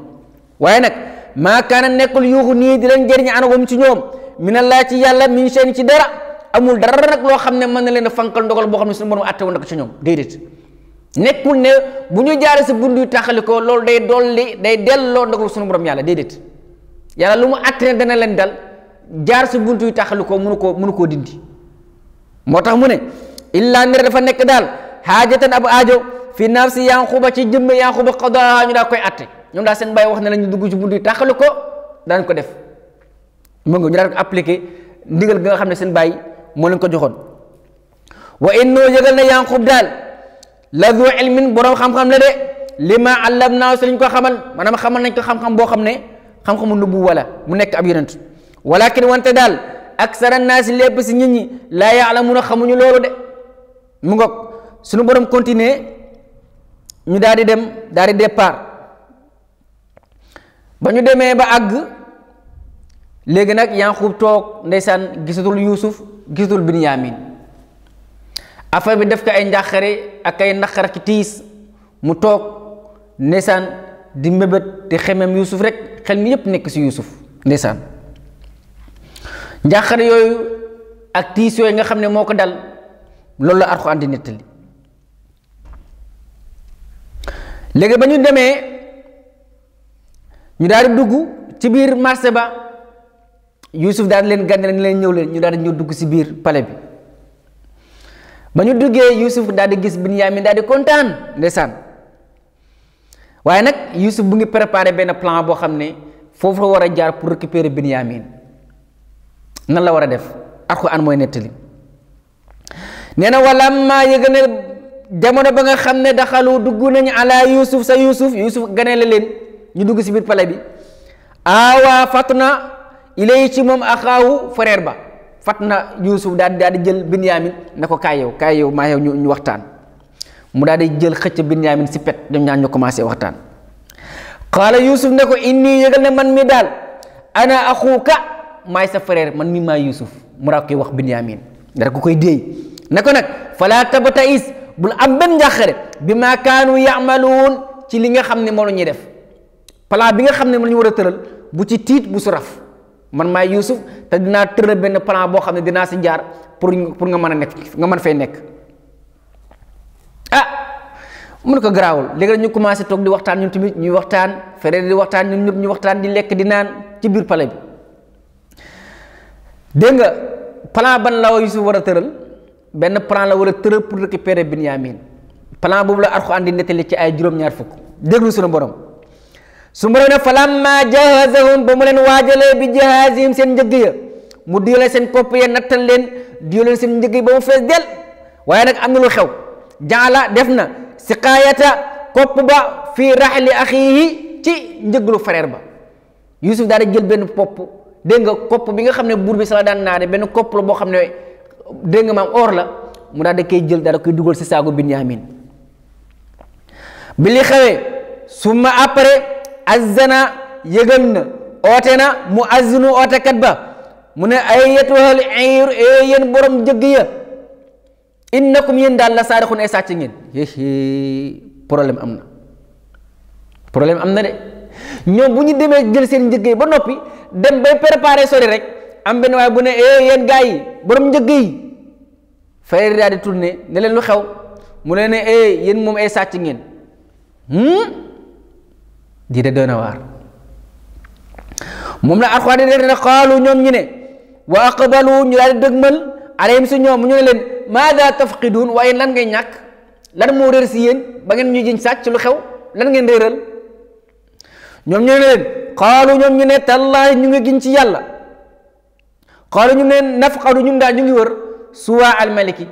waaye nag maa kaana nekkul yuuxu nii di leen jëriñ anagum ci ñoom minallaa ci yàlla min seen ci dara amul dara nag loo xam ne mën na leen a fankal ndogal boo xam ne suñu borom atte woon na ko ci ñoom déedéet nekkul ne bu ñu jaare si buntu yi taxali ko loolu day dolli day delloo ndogal suñu borom yàlla day déedéet yàlla lu mu àttee dana leen dal jaar si buntu yu taxalu ko mënu koo mënu koo dindi moo tax mu ne illaa nir dafa nekk daal xaajatan ab aajo fi nafsi yanquba ci jëmm yanquba qadaa ñu daa koy atte ñoom daal seen wax ne la dugg ci buntu yu taxalu ko daan ko def mu nga ñu daan ko appliqué ndigal gi nga xam ne seen bàyyi moo leen ko joxoon wa innoo yëgal na yanqub daal la du ilmin boroom xam-xam la de lima allam naa sëriñ ko xamal maanaam xamal nañ ko xam-xam boo xam ne xam-xamu nubuwa walla mu nekk ab yonent walakin wante daal aksara naasi lépp si nit ñi laa yaalamuuna xamuñu loolu de mu ngoog suñu borom continuer ñu daal di dem daal di départ ba ñu demee ba àgg léegi nag Yaaqub toog ndeysaan gisatul Yuusuf gisatul Binyamin affaire bi def ko ay njàqare ak ay naqar ki tiis mu toog ndeysaan di mébét di xemem yuusuf rek xel mi yépp nekk ci yuusuf ndeysaan njaaxare yooyu ak tiis yooyu nga xam ne moo ko dal loolu la Alxuraan di li léegi ba ñu demee ñu daal di dugg ci biir marché ba yuusuf daal leen gànne ni leen ñëw leen ñu daal dugg ci biir pale bi ba ñu duggee yuusuf daal di gis Binyaamin daal di kontaan ndeysaan waaye nag Youssouf bu ngi préparé benn plan boo xam ne foofu la war a jaar pour récupérer Binyamin na la war a def Alxuraan mooy nettali nee na walammaa yëg ne jamono ba nga xam ne daxalu dugg nañu ala Youssouf sa Youssouf Youssouf gane la leen ñu dugg si biir pale bi aawaa fatna ilay ci moom axaawu frère ba na Youssouf daal di daal di jël Binyamin na ko kaay yow kaay yow maa yow ñu ñu waxtaan. mu daal di jël xëcc Binyaamin si pet ñoom ñaar ñu commencé waxtaan qaala Yuusuf ne ko inni yëgal ne man mi daal ana axuuka maay sa frère man mi maay Yuusuf mu raa koy wax Binyaamin dara ko koy déey ne ko nag falaa tabta'is bul am benn njàqare bi maa kaanu yaamaluun ci li nga xam ne moom la ñuy def plan bi nga xam ne ma ñu war a tëral bu ci tiit bu su raf man maay Yuusuf te dinaa tëral benn plan boo xam ne dinaa si jaar pour pour nga mën a nekk nga mën fay nekk ah mun ne ko garaawul léegi ñu commencé toog di waxtaan ñun tamit ñuy waxtaan fere di waxtaan ñun ñëpp ñu waxtaan di lekk di naan ci biir palais bi dégg nga plan ban la Yusuf war a tëral benn plan la war a tëral pour récupérer Binyamin plan boobu la Alxuraan di nettali ci ay juróom-ñaar fukk déglu sunu borom su ma leen falammaa jahazahum ba mu leen waajalee bi jahaazihim seen njëgg ya mu diwle seen kopp ya nattal leen diwle seen njëgg yi ba mu fees del waaye nag am na lu xew. jaala def na siqaayata kopp ba fii raxli axiihi ci njëglu frère ba Yuusuf daal di jël benn kopp dégg nga kopp bi nga xam ne buur bi sala daan naane benn kopp la boo xam ne dégg nga maam or la mu daal di koy jël daal di koy dugal si saagu Binyamin bi li xewee suma après azzana yëgal na oote na mu azinu ootekat ba mu ne ay yetuwal iir yéen borom jëgg ya indi na innakum yéen daal la saarixun ay sàcc ngeen problème am na problème am na de ñoom bu ñu demee jël seen njëg yi ba noppi dem bay préparer sori rek am benn waaye bu ne eh yéen gars boroom borom njëg yi fay daal di tourné ne lu xew mu ne ne eh yéen moom ay sàcc ngeen hmm? di de doy na waar moom la Alxuraan di ne qaalu ñoom ñu ne wa aqbalu ñu daal di dëgmal. alayhim si ñoom ñu ne leen maada tafqiduun waaye lan ngay ñàkk lan moo réer si yéen ba ngeen ñu jiñ sàcc lu xew lan ngeen réeral ñoom ñu ne leen xaalu ñoom ñu ne tallaahi ñu ngi gin ci yàlla xaalu ñu ne nafqadu ñu daal ñu ngi wër suwaa almaliki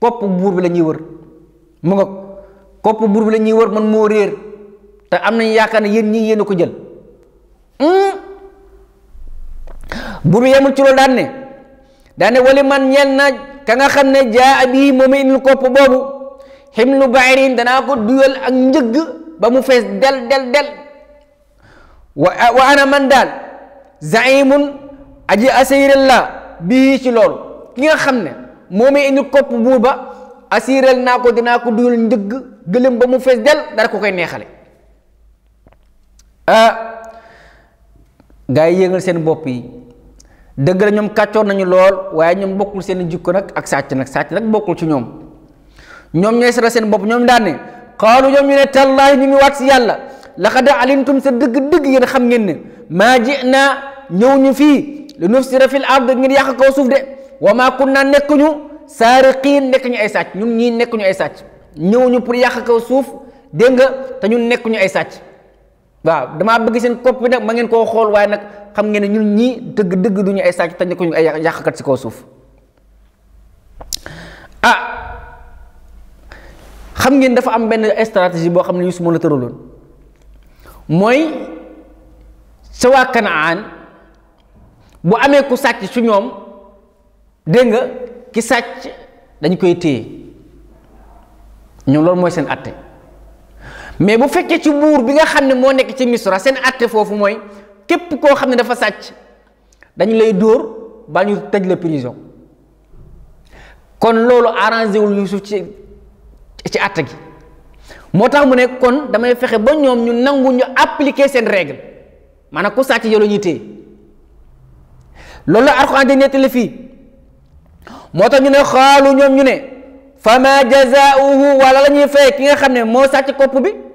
kopp buur bi la ñuy wër mu nga la ñuy wër man moo réer te am nañu yaakaar ne yéen ñi yéen a ko jël hmm? buur bi yemul ci daane wali man ñeel na ka nga xam ne jaa bii moom indil kopp boobu ximlu bairin danaa ko duyal ak njëgg ba mu fees del del del wa wa ana man daal zaimun aji asiral la bii ci loolu ki nga xam ne moom indil kopp buur ba asiral naa ko dinaa ko duyal njëgg gëlëm ba mu fees del dara ko koy neexale ah, gaa yi seen bopp yi dëgg la ñoom kàccoor nañu lool waaye ñoom bokkul seen jikko nag ak sàcc nag sàcc nag bokkul ci ñoom ñoom ñooy sara seen bopp ñoom daan ne xaalu ñoom ñu ne tallaahi ñu ngi waat si yàlla laqad alimtum sa dëgg-dëgg yéen xam ngeen ne maa ji naa ñëw ñu fii lu nufsira fil ard ngir yàq kow suuf de wa maa kunna nekkuñu saariqiin nekk ñu ay sàcc ñun ñii nekkuñu ay sàcc ñëw ñu pour yàq kaw suuf dégg nga te ñun nekkuñu ay sàcc waaw damaa bëgg seen code bi nag ma ngeen koo xool waaye nag xam ngeen ne ñun ñii dëgg dëgg du ñu ay sàcc te ñu ay yàqkat si kaw suuf ah xam ngeen dafa am benn stratégie boo xam ne Yuusuf moo la tëraloon mooy sa waa Kanaan bu amee ku sàcc su ñoom dégg nga ki sàcc dañu koy téye ñoom loolu mooy seen atte mais bu fekkee ci buur bi nga xam ne moo nekk ci misra seen atte foofu mooy képp koo xam ne dafa sàcc dañu lay dóor ba ñu tëj la prison kon loolu arrangé wul Yuusuf ci ci gi moo tax mu ne kon damay fexe ba ñoom ñu nangu ñu appliquer seen règle maanaam ku sàcc yow la ñuy loolu la Alxuraan di nettali fii moo tax ñu ne xaalu ñoom ñu ne fama jazaauhu wala la ñuy fay ki nga xam ne moo sàcc kopp bi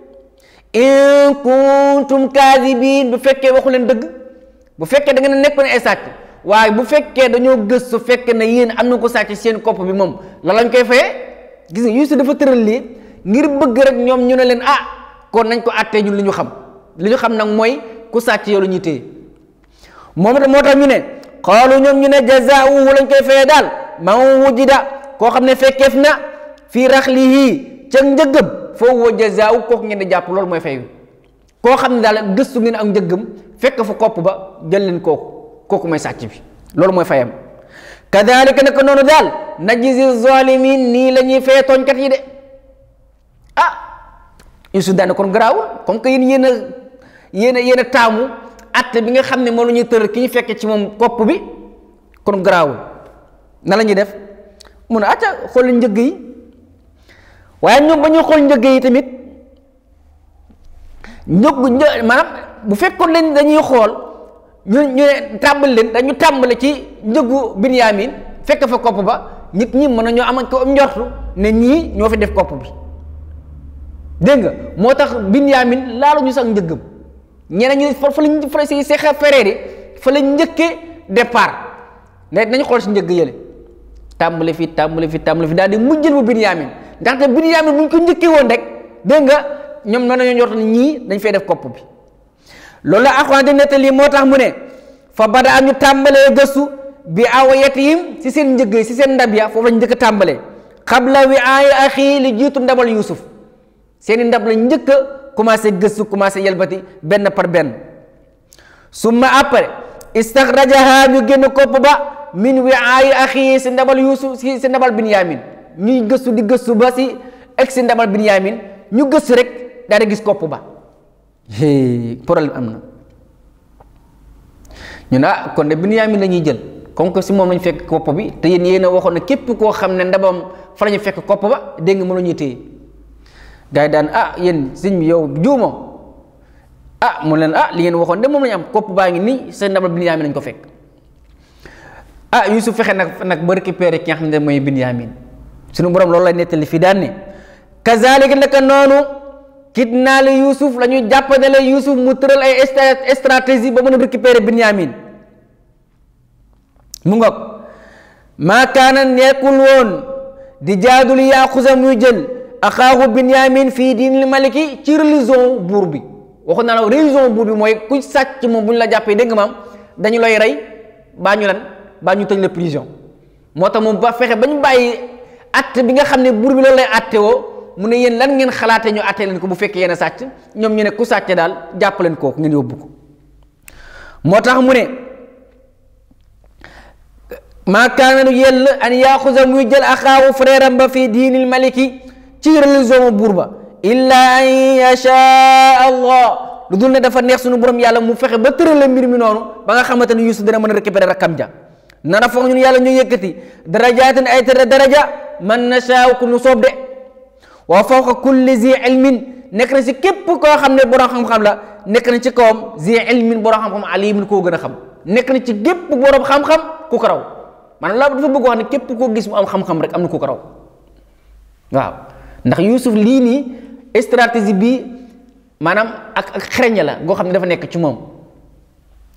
in kuntum kaadibiin bu fekkee waxu leen dëgg bu fekkee da ngeen nekk ay sàcc waaye bu fekkee dañoo gës su fekkee ne yéen am na ko sàcc seen kopp bi moom la lañ koy fayee gis nga Yuusuf dafa tëral lii ngir bëgg rek ñoom ñu ne leen ah kon nañ ko àttee ñun li ñu xam li ñu xam nag mooy ku sàcc yow la ñuy téye moom itam moo tax ñu ne xaalu ñoom ñu ne jazaa'uhu lañ koy fayee daal man wujida koo xam ne fekkeef na fii raxlihi ca njëgëm fa huwa jazaa'u kooku ngeen di jàpp loolu mooy fay koo xam ne daal gëstu ngeen ak njëggam fekk fa kopp ba jël leen kooku kooku mooy sàcc bi loolu mooy fayam kadalika nag noonu daal najzi zalimin nii lañuy ñuy fay tooñkat yi de ah Yuusuf daane kon garaawul kon que yéen yéen a yéen a yéen a taamu atte bi nga xam ne moom la ñuy tër ki ñu fekkee ci moom kopp bi kon garaawul na la ñuy def mun a acca xool njëgg yi waaye ñoom ba ñuy xool njëg yi tamit njëg maanaam bu fekkoon leen dañuy xool ñu ñu ne tàmbali leen dañu tàmbale ci njëgu Binyamin fekk fa kopp ba nit ñi mën nañoo am ko njortu ne ñii ñoo fi def kopp bi dégg nga moo tax Binyamin laalu ñu sax njëggam ñeneen ñu fa fa lañ fa si seexa yi fa lañ njëkkee départ ne nañu xool si njëgg yële tàmbali fi tàmbali fi tàmbali fi daal di mujjal bu Binyaamin ndaxte Binyaamin bu ñu ko njëkkee woon rek dégg ñoom noonu la ñu njort ñii dañ fay def kopp bi loolu la Alxuraan di nettali moo tax mu ne fa bada am ñu tàmbalee gëstu bi awayatihim si seen njëgg yi si seen ndab ya foofu lañ njëkk a tàmbalee xabla wi ay axi li jiitu ndabal Yuusuf seen i ndab la njëkk a commencé gëstu commencé yelbati benn par benn summa après istaxrajaha ñu génn kopp ba min wiaayi axi si ndabal yuusuf si si ndabal binyamin ñuy gëstu di gëstu ba si egg si ndabal binyamin ñu gëstu rek daal di gis kopp ba problème am na ñu ne ah kon de binyamin la ñuy jël comme que si moom lañu fekk kopp bi te yéen yéen a waxoon ne képp koo xam ne ndabam fa la ñu fekk kopp ba dégg nga mën ñuy téye daan ah yéen sëñ bi yow juuma ah mu leen ah li ngeen waxoon de moom lañu am kopp baa ngi nii seen ndabal binyamin lañ ko fekk ah Yuusuf fexe nag nag ba récupéré ki nga xam ne mooy Binyamin suñu borom loolu lay nettali fii daan ne kazalika naka noonu kidnaa la Yuusuf la ñu jàppandale Yuusuf mu tëral ay stratégie ba mën a récupéré Binyamin mu ngoog maa kaana nekkul woon di jaadul yaaxusa muy jël axaahu Binyamin fii diinil maliki ci religion buur bi waxoon naa la religion buur bi mooy ku sàcc moom bu ñu la jàppee dégg maam dañu lay rey baa ñu lan baa ñu tëj la prison moo tax moom ba fexe ba ñu bàyyi atte bi nga xam ne buur bi loolu lay atte woo mu ne yéen lan ngeen xalaatee ñu atte leen ko bu fekkee yéen a sàcc ñoom ñu ne ku sàcc daal jàppaleen leen kooku ngeen yóbbu ko moo tax mu ne maa kaana lu yell an yaaxusa muy jël axaawu frère am ba fii diinil maliki ci religion buur ba illaa an yashaa allah lu dul ne dafa neex suñu borom yàlla mu fexe ba tërale mbir mi noonu ba nga xamante ne Yuusuf dana mën a récupérer rakkam ja nana foog ñun yàlla ñu yëkkati darajaatin ay tëra daraja man nashaa ku nu soob de wa fawqa kulli zi ilmin nekk na si képp koo xam ne borom xam-xam la nekk na ci kawam zi ilmin borom xam-xam alimin koo gën a xam nekk na ci képp borom xam-xam ku ko raw maanaam la dafa bëgg wax ne képp koo gis mu am xam-xam rek am na ku ko raw waaw ndax Yuusuf lii nii stratégie bi maanaam ak ak la goo xam ne dafa nekk ci moom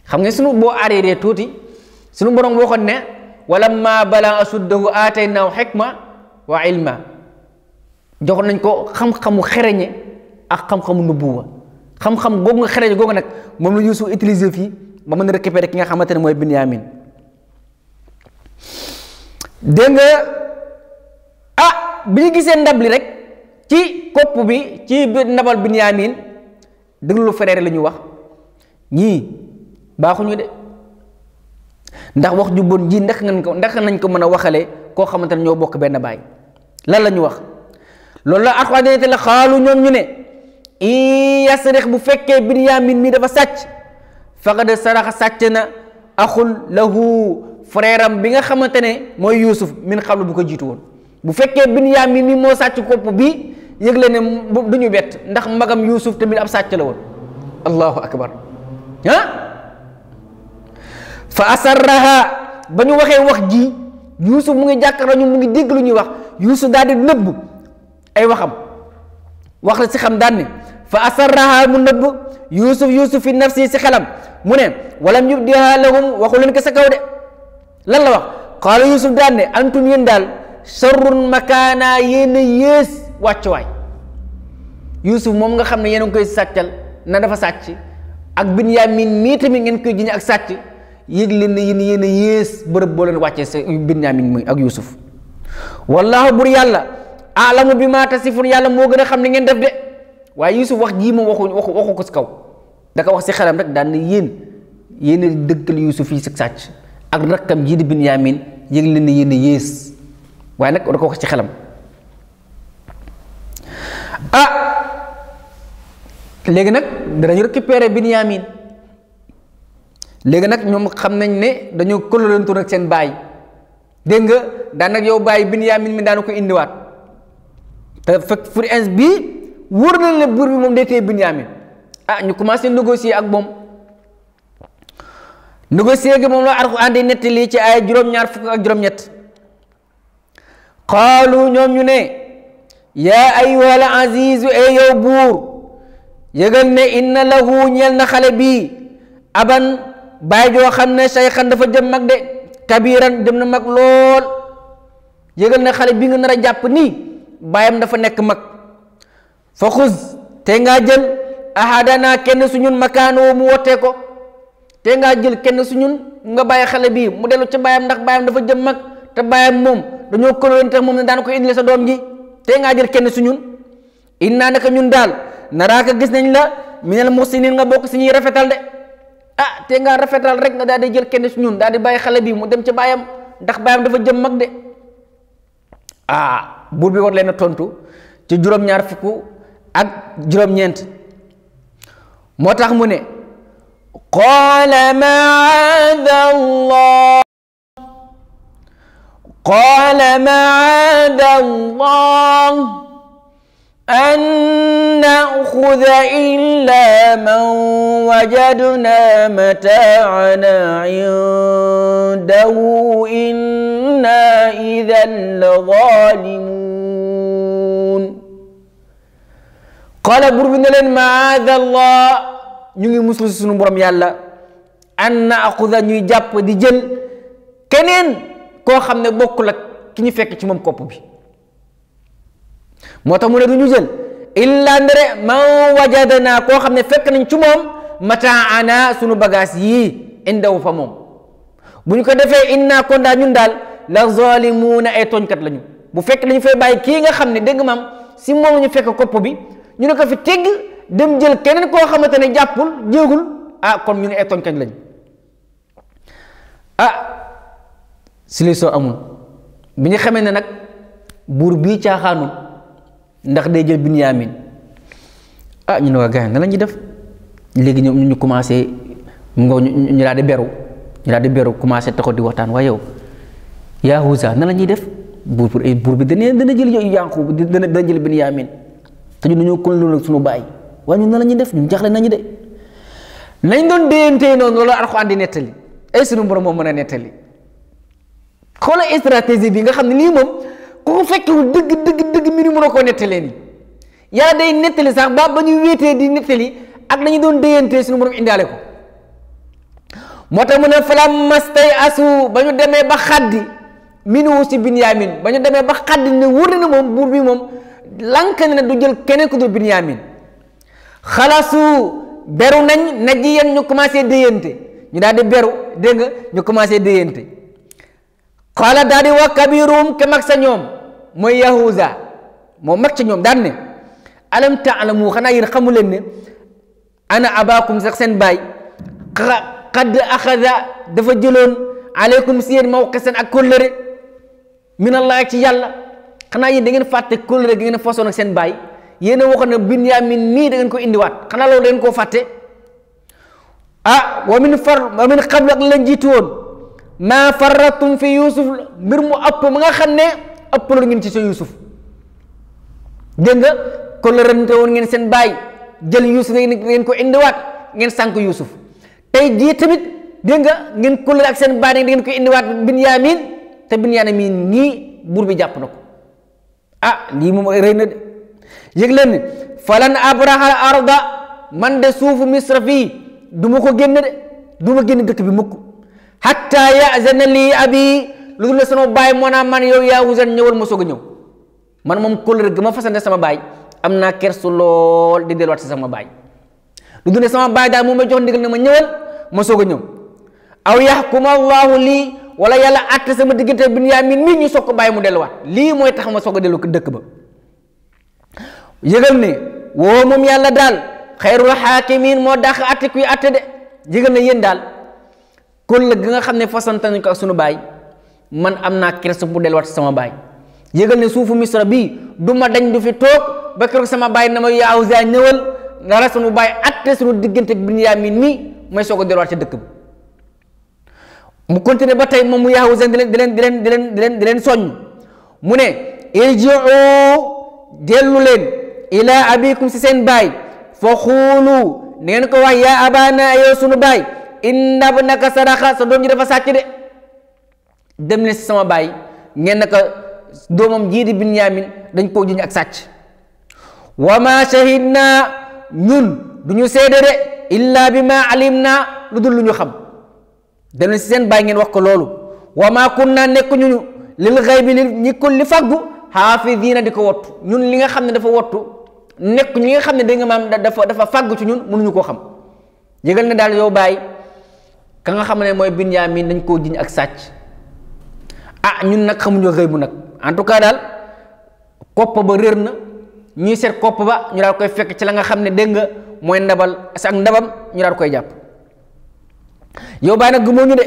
xam nga sunu boo arrière tuuti. sunu borom waxoon ne walamma bala asuddahu aataynaahu xikma wa ilma joxoon nañ ko xam-xamu xereñe ak xam-xamu nubuwa xam-xam googu nga xereñe googu nag moom la Yuusuf utiliser fii ba mën a récupérer ki nga xamante ne mooy Binyamin dégg nga ah bi gisee ndab li rek ci kopp bi ci ndabal Binyamin déglu lu fereere la ñu wax ñii baaxuñu de ndax wax ju bon ji ndax ngeen ko ndax nañ ko mën a waxalee koo xamante ne ñoo bokk benn baay lan la wax loolu la alxuraan dina te la xaalu ñoom ñu ne in yasrix bu fekkee binyamin mi dafa sàcc faqad saraxa sàcc na axul lahu frère bi nga xamante ne mooy yuusuf min xablu bu ko jiitu woon bu fekkee binyamin mi moo sàcc kopp bi yëgle ne du ñu bett ndax magam yuusuf tamit ab sàcc la woon allahu akbar fa asarraha ba ñu waxee wax ji yuusuf mu ngi jàkkaarloo ñu mu ngi dégg lu ñuy wax yuusuf daal di nëbb ay waxam wax la si xam daan ne fa asarraha mu nëbb yuusuf yuusuf fi nafsi si xelam mu ne walam yubdiha lahum waxu leen ko sa kaw de lan la wax qaala yuusuf daan ne antum yéen daal sharrun makaana yéen a yées wàccuwaay yuusuf moom nga xam ne yéen a ngi koy sàccal na dafa sàcc ak binyamin mii tamit ngeen koy jiñ ak sàcc yëg leen ne yéen yéen a yées bërëb boo leen wàccee sa Binyamin muy ak Yuusuf wallaahu bu yàlla alamu bi maa tasifun yàlla moo gën a xam ni ngeen def de waaye Yuusuf wax jii moom waxu waxu waxu ko si kaw da ko wax si xelam rek daan na yéen yéen a dëkkal Yuusuf yi si sàcc ak rakkam jii di Binyamin yëg leen ne yéen a yées waaye nag da ko wax ci xelam ah léegi nag danañu récupérer Binyamin léegi nag ñoom xam nañ ne dañoo kóllëlantu nag seen baay dégg nga daan nag yow baay Binyaamin mi daana ko indiwaat te fekk Fir'awn bi wóor na ne buur bi moom day téye Binyaamin ah ñu commencé négocier ak moom négocier gi moom la Alxuraan di nettali ci ay juróom-ñaar fukk ak juróom-ñett qaalu ñoom ñu ne yaa ayyuhal aziizu e yow buur yëgal ne inna lahu ñeel na xale bi aban bàyyi joo xam ne say sayxan dafa jëm mag de kabiran dem na mag lool yëgal na xale bi nga nar a jàpp nii bàyyam dafa nekk mag fa xuz te ngaa jël kenn su ñun makaanoo mu wootee ko te ngaa jël kenn su ñun nga bàyyi xale bii mu dellu ci bàyyam ndax bàyyam dafa jëm mag te bàyyam moom dañoo këloon tax moom ne daan ko indile sa doom ji te ngaa jël kenn su ñun innaa naka ñun daal naraaka gis nañ la si muhsinin nga bokk si ñuy rafetal de ah te ngaa rafetal rek nga daal di jël kenn si ñun daal di bàyyi xale bi mu dem ca baayam ndax baayam dafa jëm mag de ah buur bi war leen a tontu ci juróom-ñaar fukk ak juróom-ñeent moo tax mu ne qaala maada allah qaala maada allah أن نأخذ إلا من وجدنا متاعنا عنده إنا إذا لظالمون قال بور bi ne leen معاذ الله ñu ngi muslu si sunu borom yàlla an naaxuda ñuy jàpp di jël keneen koo xam ne bokkul ak ki ñu fekk ci moom kopp bi moo tax mu ne du ñu jël illa ndere man wajadana koo xam ne fekk nañ ci moom mataana sunu bagage yii indaw fa moom bu ñu ko defee inna kon daal ñun daal la zalimuuna ay tooñkat lañu bu fekk dañu fay bàyyi kii nga xam ne dégg maam si moom la ñu fekk kopp bi ñu ne ko fi tegg dem jël keneen koo xamante ne jàppul jéegul ah kon ñu ne ay tooñkat lañu ah si li soo amul bi ñu xamee ne nag buur bii caaxaanul ndax day jël Binyaamin ah ñu ne ko gaañ na la def léegi ñoom ñu commencé ngoo ñu daal di beru ñu daal di beru commencé taxaw di waxtaan waaye yow Yahuza na la ñuy def buur buur bi dana dana jël Yanqub dana dana jël Binyaamin te ñu dañoo kon ak suñu baay waaye ñun na la ñuy def ñu jaxle nañu de nañ doon déyantee noonu loolu Alxuraan di nettali ay sunu borom moo mën a nettali xoolal stratégie bi nga xam ne lii moom. ku ko fekkewul dëgg dëgg dëgg mbir mi mënoo koo nettalee ni yàlla day nettali sax ba ba ñu wéetee di nettali ak dañu doon déyantee suñu borom indaale ko moo tax mu ne falam mastay asu ba ñu demee ba xaddi minu si binyamin ba ñu demee ba xaddi ne wóor na moom buur bi moom lank na du jël keneen ku dul binyamin xalasu beru nañ na ji yéen ñu commencé déyante ñu daal di beru dégg nga ñu commencé déyante xala daal di wax kabirum ke mag sa ñoom mooy yahuza moo mag ca ñoom daan ne alam taalamu xanaa yéen xamu leen ne ana abaakum sax seen baay qad axada dafa jëloon aleykum si yéen mawqisan ak kóllëre min allah ci yàlla xanaa yéen da ngeen fàtte kóllëre gi ngeen fasoon seen baay yéen a waxoon ne binyamin nii da ko indiwaat xanaa loolu da ngeen koo fàtte ah, wa min far wa min qablu ak woon maa farratum fi yusuf mbir mu ëpp ma nga xam ëppaloo ngeen ci sa Yuusuf dégg nga kolorante woon ngeen seen baay jël Yuusuf ngeen ko indiwaat ngeen sànk Yuusuf tey jii tamit dégg nga ngeen kolore seen baay ngeen ko indiwaat Binyaamin te Binyaamin nii buur bi jàpp na ko ah lii moom rëy na de yëg leen ni falan abrahal arda man de suufu misra fii du ko génn de du ma génn dëkk bi mukk hatta yaazana lii abi lu dul ne sama baay moo naa man yow yaa wusan ñëwal ma soog a ñëw man moom kóllëre gi ma fasante sama baay am naa kersu lool di delluwaat si sama baay lu dul sama baay daal moo ma jox ndigal ma ñëwal ma soog a ñëw aw yaxkuma allahu lii wala yàlla àtte sama diggante Binyaamin mii ñu soog ko bàyyi mu delluwaat lii mooy tax ma soog a dellu dëkk ba moom yàlla daal xayrul xaakimiin moo dàq àtte kuy àtte de yëgal ne yéen daal kóllëre gi nga xam ne fasante nañ ko ak sunu baay man am naa kersa bu delluwaat sama baay yëgal ne suufu misra bii du ma dañ du fi ba keroog sama baay na ma yaaw saa ñëwal dara sunu baay atte sunu diggante ak Binyaamin mi may soog a delluwaat ca dëkk bi mu continué ba tey moom mu yaaw saa di leen di di leen di leen di mu ne irjiu dellu leen ilaa abikum si seen baay fa xuulu ni ngeen ko wax yaa abana yow sunu baay inna ibnaka sadaqa sa doom ji dafa sàcc de dem leen si sama baay ngeen naka doomam jii di dañ koo jiñ ak sàcc wa ma shahidna ñun du ñu seede de illa bi ma alim naa lu dul lu ñu xam dem leen si seen baay ngeen wax ko loolu wa ma naa nekk ñu lil xaybi bi ñi ko li faggu xaafidina di ko wattu ñun li nga xam ne dafa wottu nekk ñi nga xam ne da nga maam dafa dafa fàggu ci ñun mënuñu koo xam yëgal na daal yow baay ka nga xam ne mooy Binyaamin dañ koo jiñ ak sàcc ah ñu nag xamuñu xëy bu nag en tout cas daal kopp ba réer na ñuy seet kopp ba ñu daal koy fekk ci la nga xam ne dégg nga mooy ndabal sa ndabam ñu daal koy jàpp yow bàyyi nag gëmoo de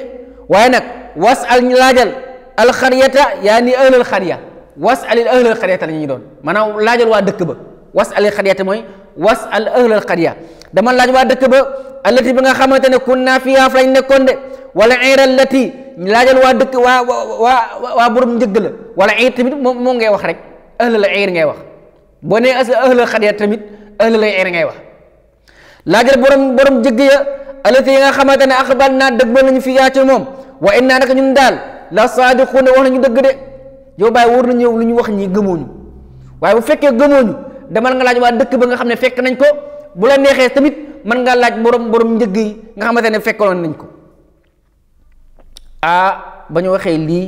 waaye nag was al ñu laajal alxariyata yaa ni ahlal xariya was alil ahlal xariyata la ñu doon maanaam laajal waa dëkk ba was alil xariyata mooy was al ahlal xariya dama laaj waa dëkk ba allati bi nga xamante ne kun naa fiyaa fa lañ nekkoon de wala iira lati laajal waa dëkk waa waa waa borom njëgg la wala iir tamit moom ngay wax rek ahlal iir ngay wax boo nee as ahlal xadiya tamit ahlal iir ngay wax laajal borom borom njëgg ya alati yi nga xamante ne axbal naa dëgg ba lañu fi yaa ci moom wa innaa naka ñun daal la saadiquuna wax nañu dëgg de yow bàyyi wóor nañu yow lu ñu wax ñii gëmooñu waaye bu fekkee gëmooñu demal nga laaj dëkk ba nga xam ne fekk nañ ko bu la neexee tamit mën nga laaj borom borom njëgg yi nga xamante ne fekkoon nañ ko ah ba ñu waxee lii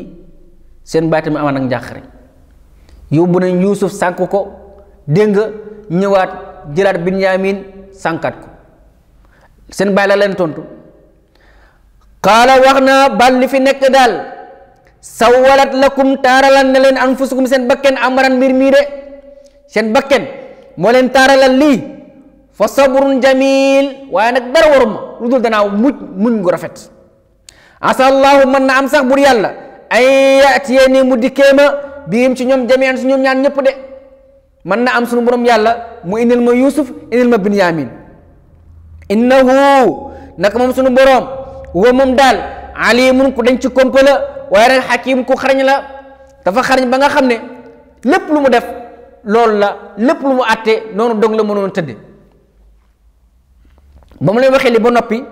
seen baay tamit amaan ak njàqare yóbbu nañ yuusuf sànk ko dégg nga ñëwaat jëlaat binyamin sànkaat ko seen baay la leen tontu qaala wax na bal li fi nekk daal sawalat lakum taaralal na leen anfusukum seen bakken amaran mbir mii de seen bakken moo leen taaralal lii fa sabrun jamil waaye nag dara waruma lu dul danaa muj muñ gu rafet asa allahu mën na am sax bur yàlla ay yaatiyee nii mu dikkee ma biim ci ñoom jamian si ñoom ñaan ñépp de mën na am sunu boroom yàlla mu indil ma yusuf indil ma binyamin innahu naka moom suñu borom huwa moom daal alimun ku dañ ci kompa la waaye ren xakim ku xarañ la dafa xarañ ba nga xam ne lépp lu mu def loolu la lépp lu mu àtte noonu dog la mënoon tëdd ba mu leen waxee li ba noppi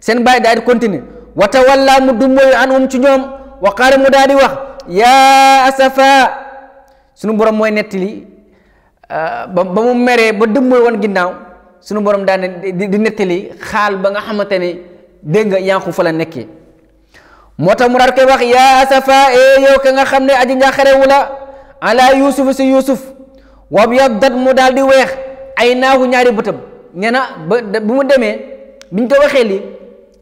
seen bàyyi daal di continuer wa tawalla mu dumboyu an um ci ñoom wa qaala mu daal di wax yaa asafa sunu borom mooy nettali uh, ba ba mu meree ba dumboy woon ginnaaw sunu borom daal di nettali xaal ba nga xamante ne dégg nga yànqu fa la nekkee moo tax mu daal koy wax yaa e nga xam ne aji njaaxarewu la ala yusufu si yusuf wa abyadat mu daal di weex ay naahu ñaari bëtam nee na ba bu mu demee biñ ko waxee lii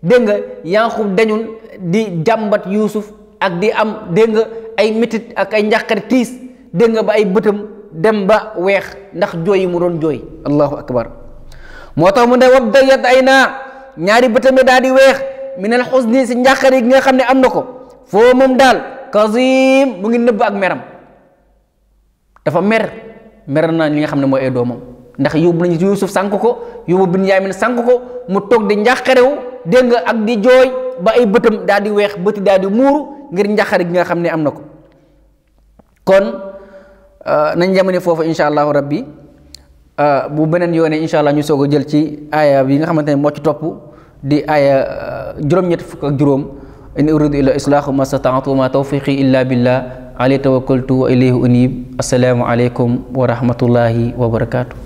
dégg nga Yanqub dañul di jàmbat Yuusuf ak di am dégg nga ay métit ak ay njàqare tiis dégg nga ba ay bëtam dem ba weex ndax jooy yi mu doon jooy allahu akbar moo tax mu ne wab dayat ay naa ñaari bëtam yi daal di weex ne xusni si njàqare yi nga xam ne am na ko foo moom daal kazim mu ngi nëbb ak meram dafa mer mer na li nga xam ne mooy ay doomam ndax yóbbu nañu Yuusuf sànk ko yóbbu Binyaamin sànk ko mu toog di njàqarewu dégg nga ak di jooy ba ay bëtam daal di weex bëti daal di muuru ngir njàqare gi nga xam ne am na ko kon euh, nañ jamone foofu incha allahu rabbi euh, bu beneen yoone incha allah ñu soog a jël ci aaya nga xamante ne moo ci topp di aaya euh, juróom-ñett fukk ak juróom in uridu illa islaahu ma stataatu illa billah alayhi tawakkaltu wa ilayhi unib assalaamu aleykum wa rahmatullahi wa barakatuh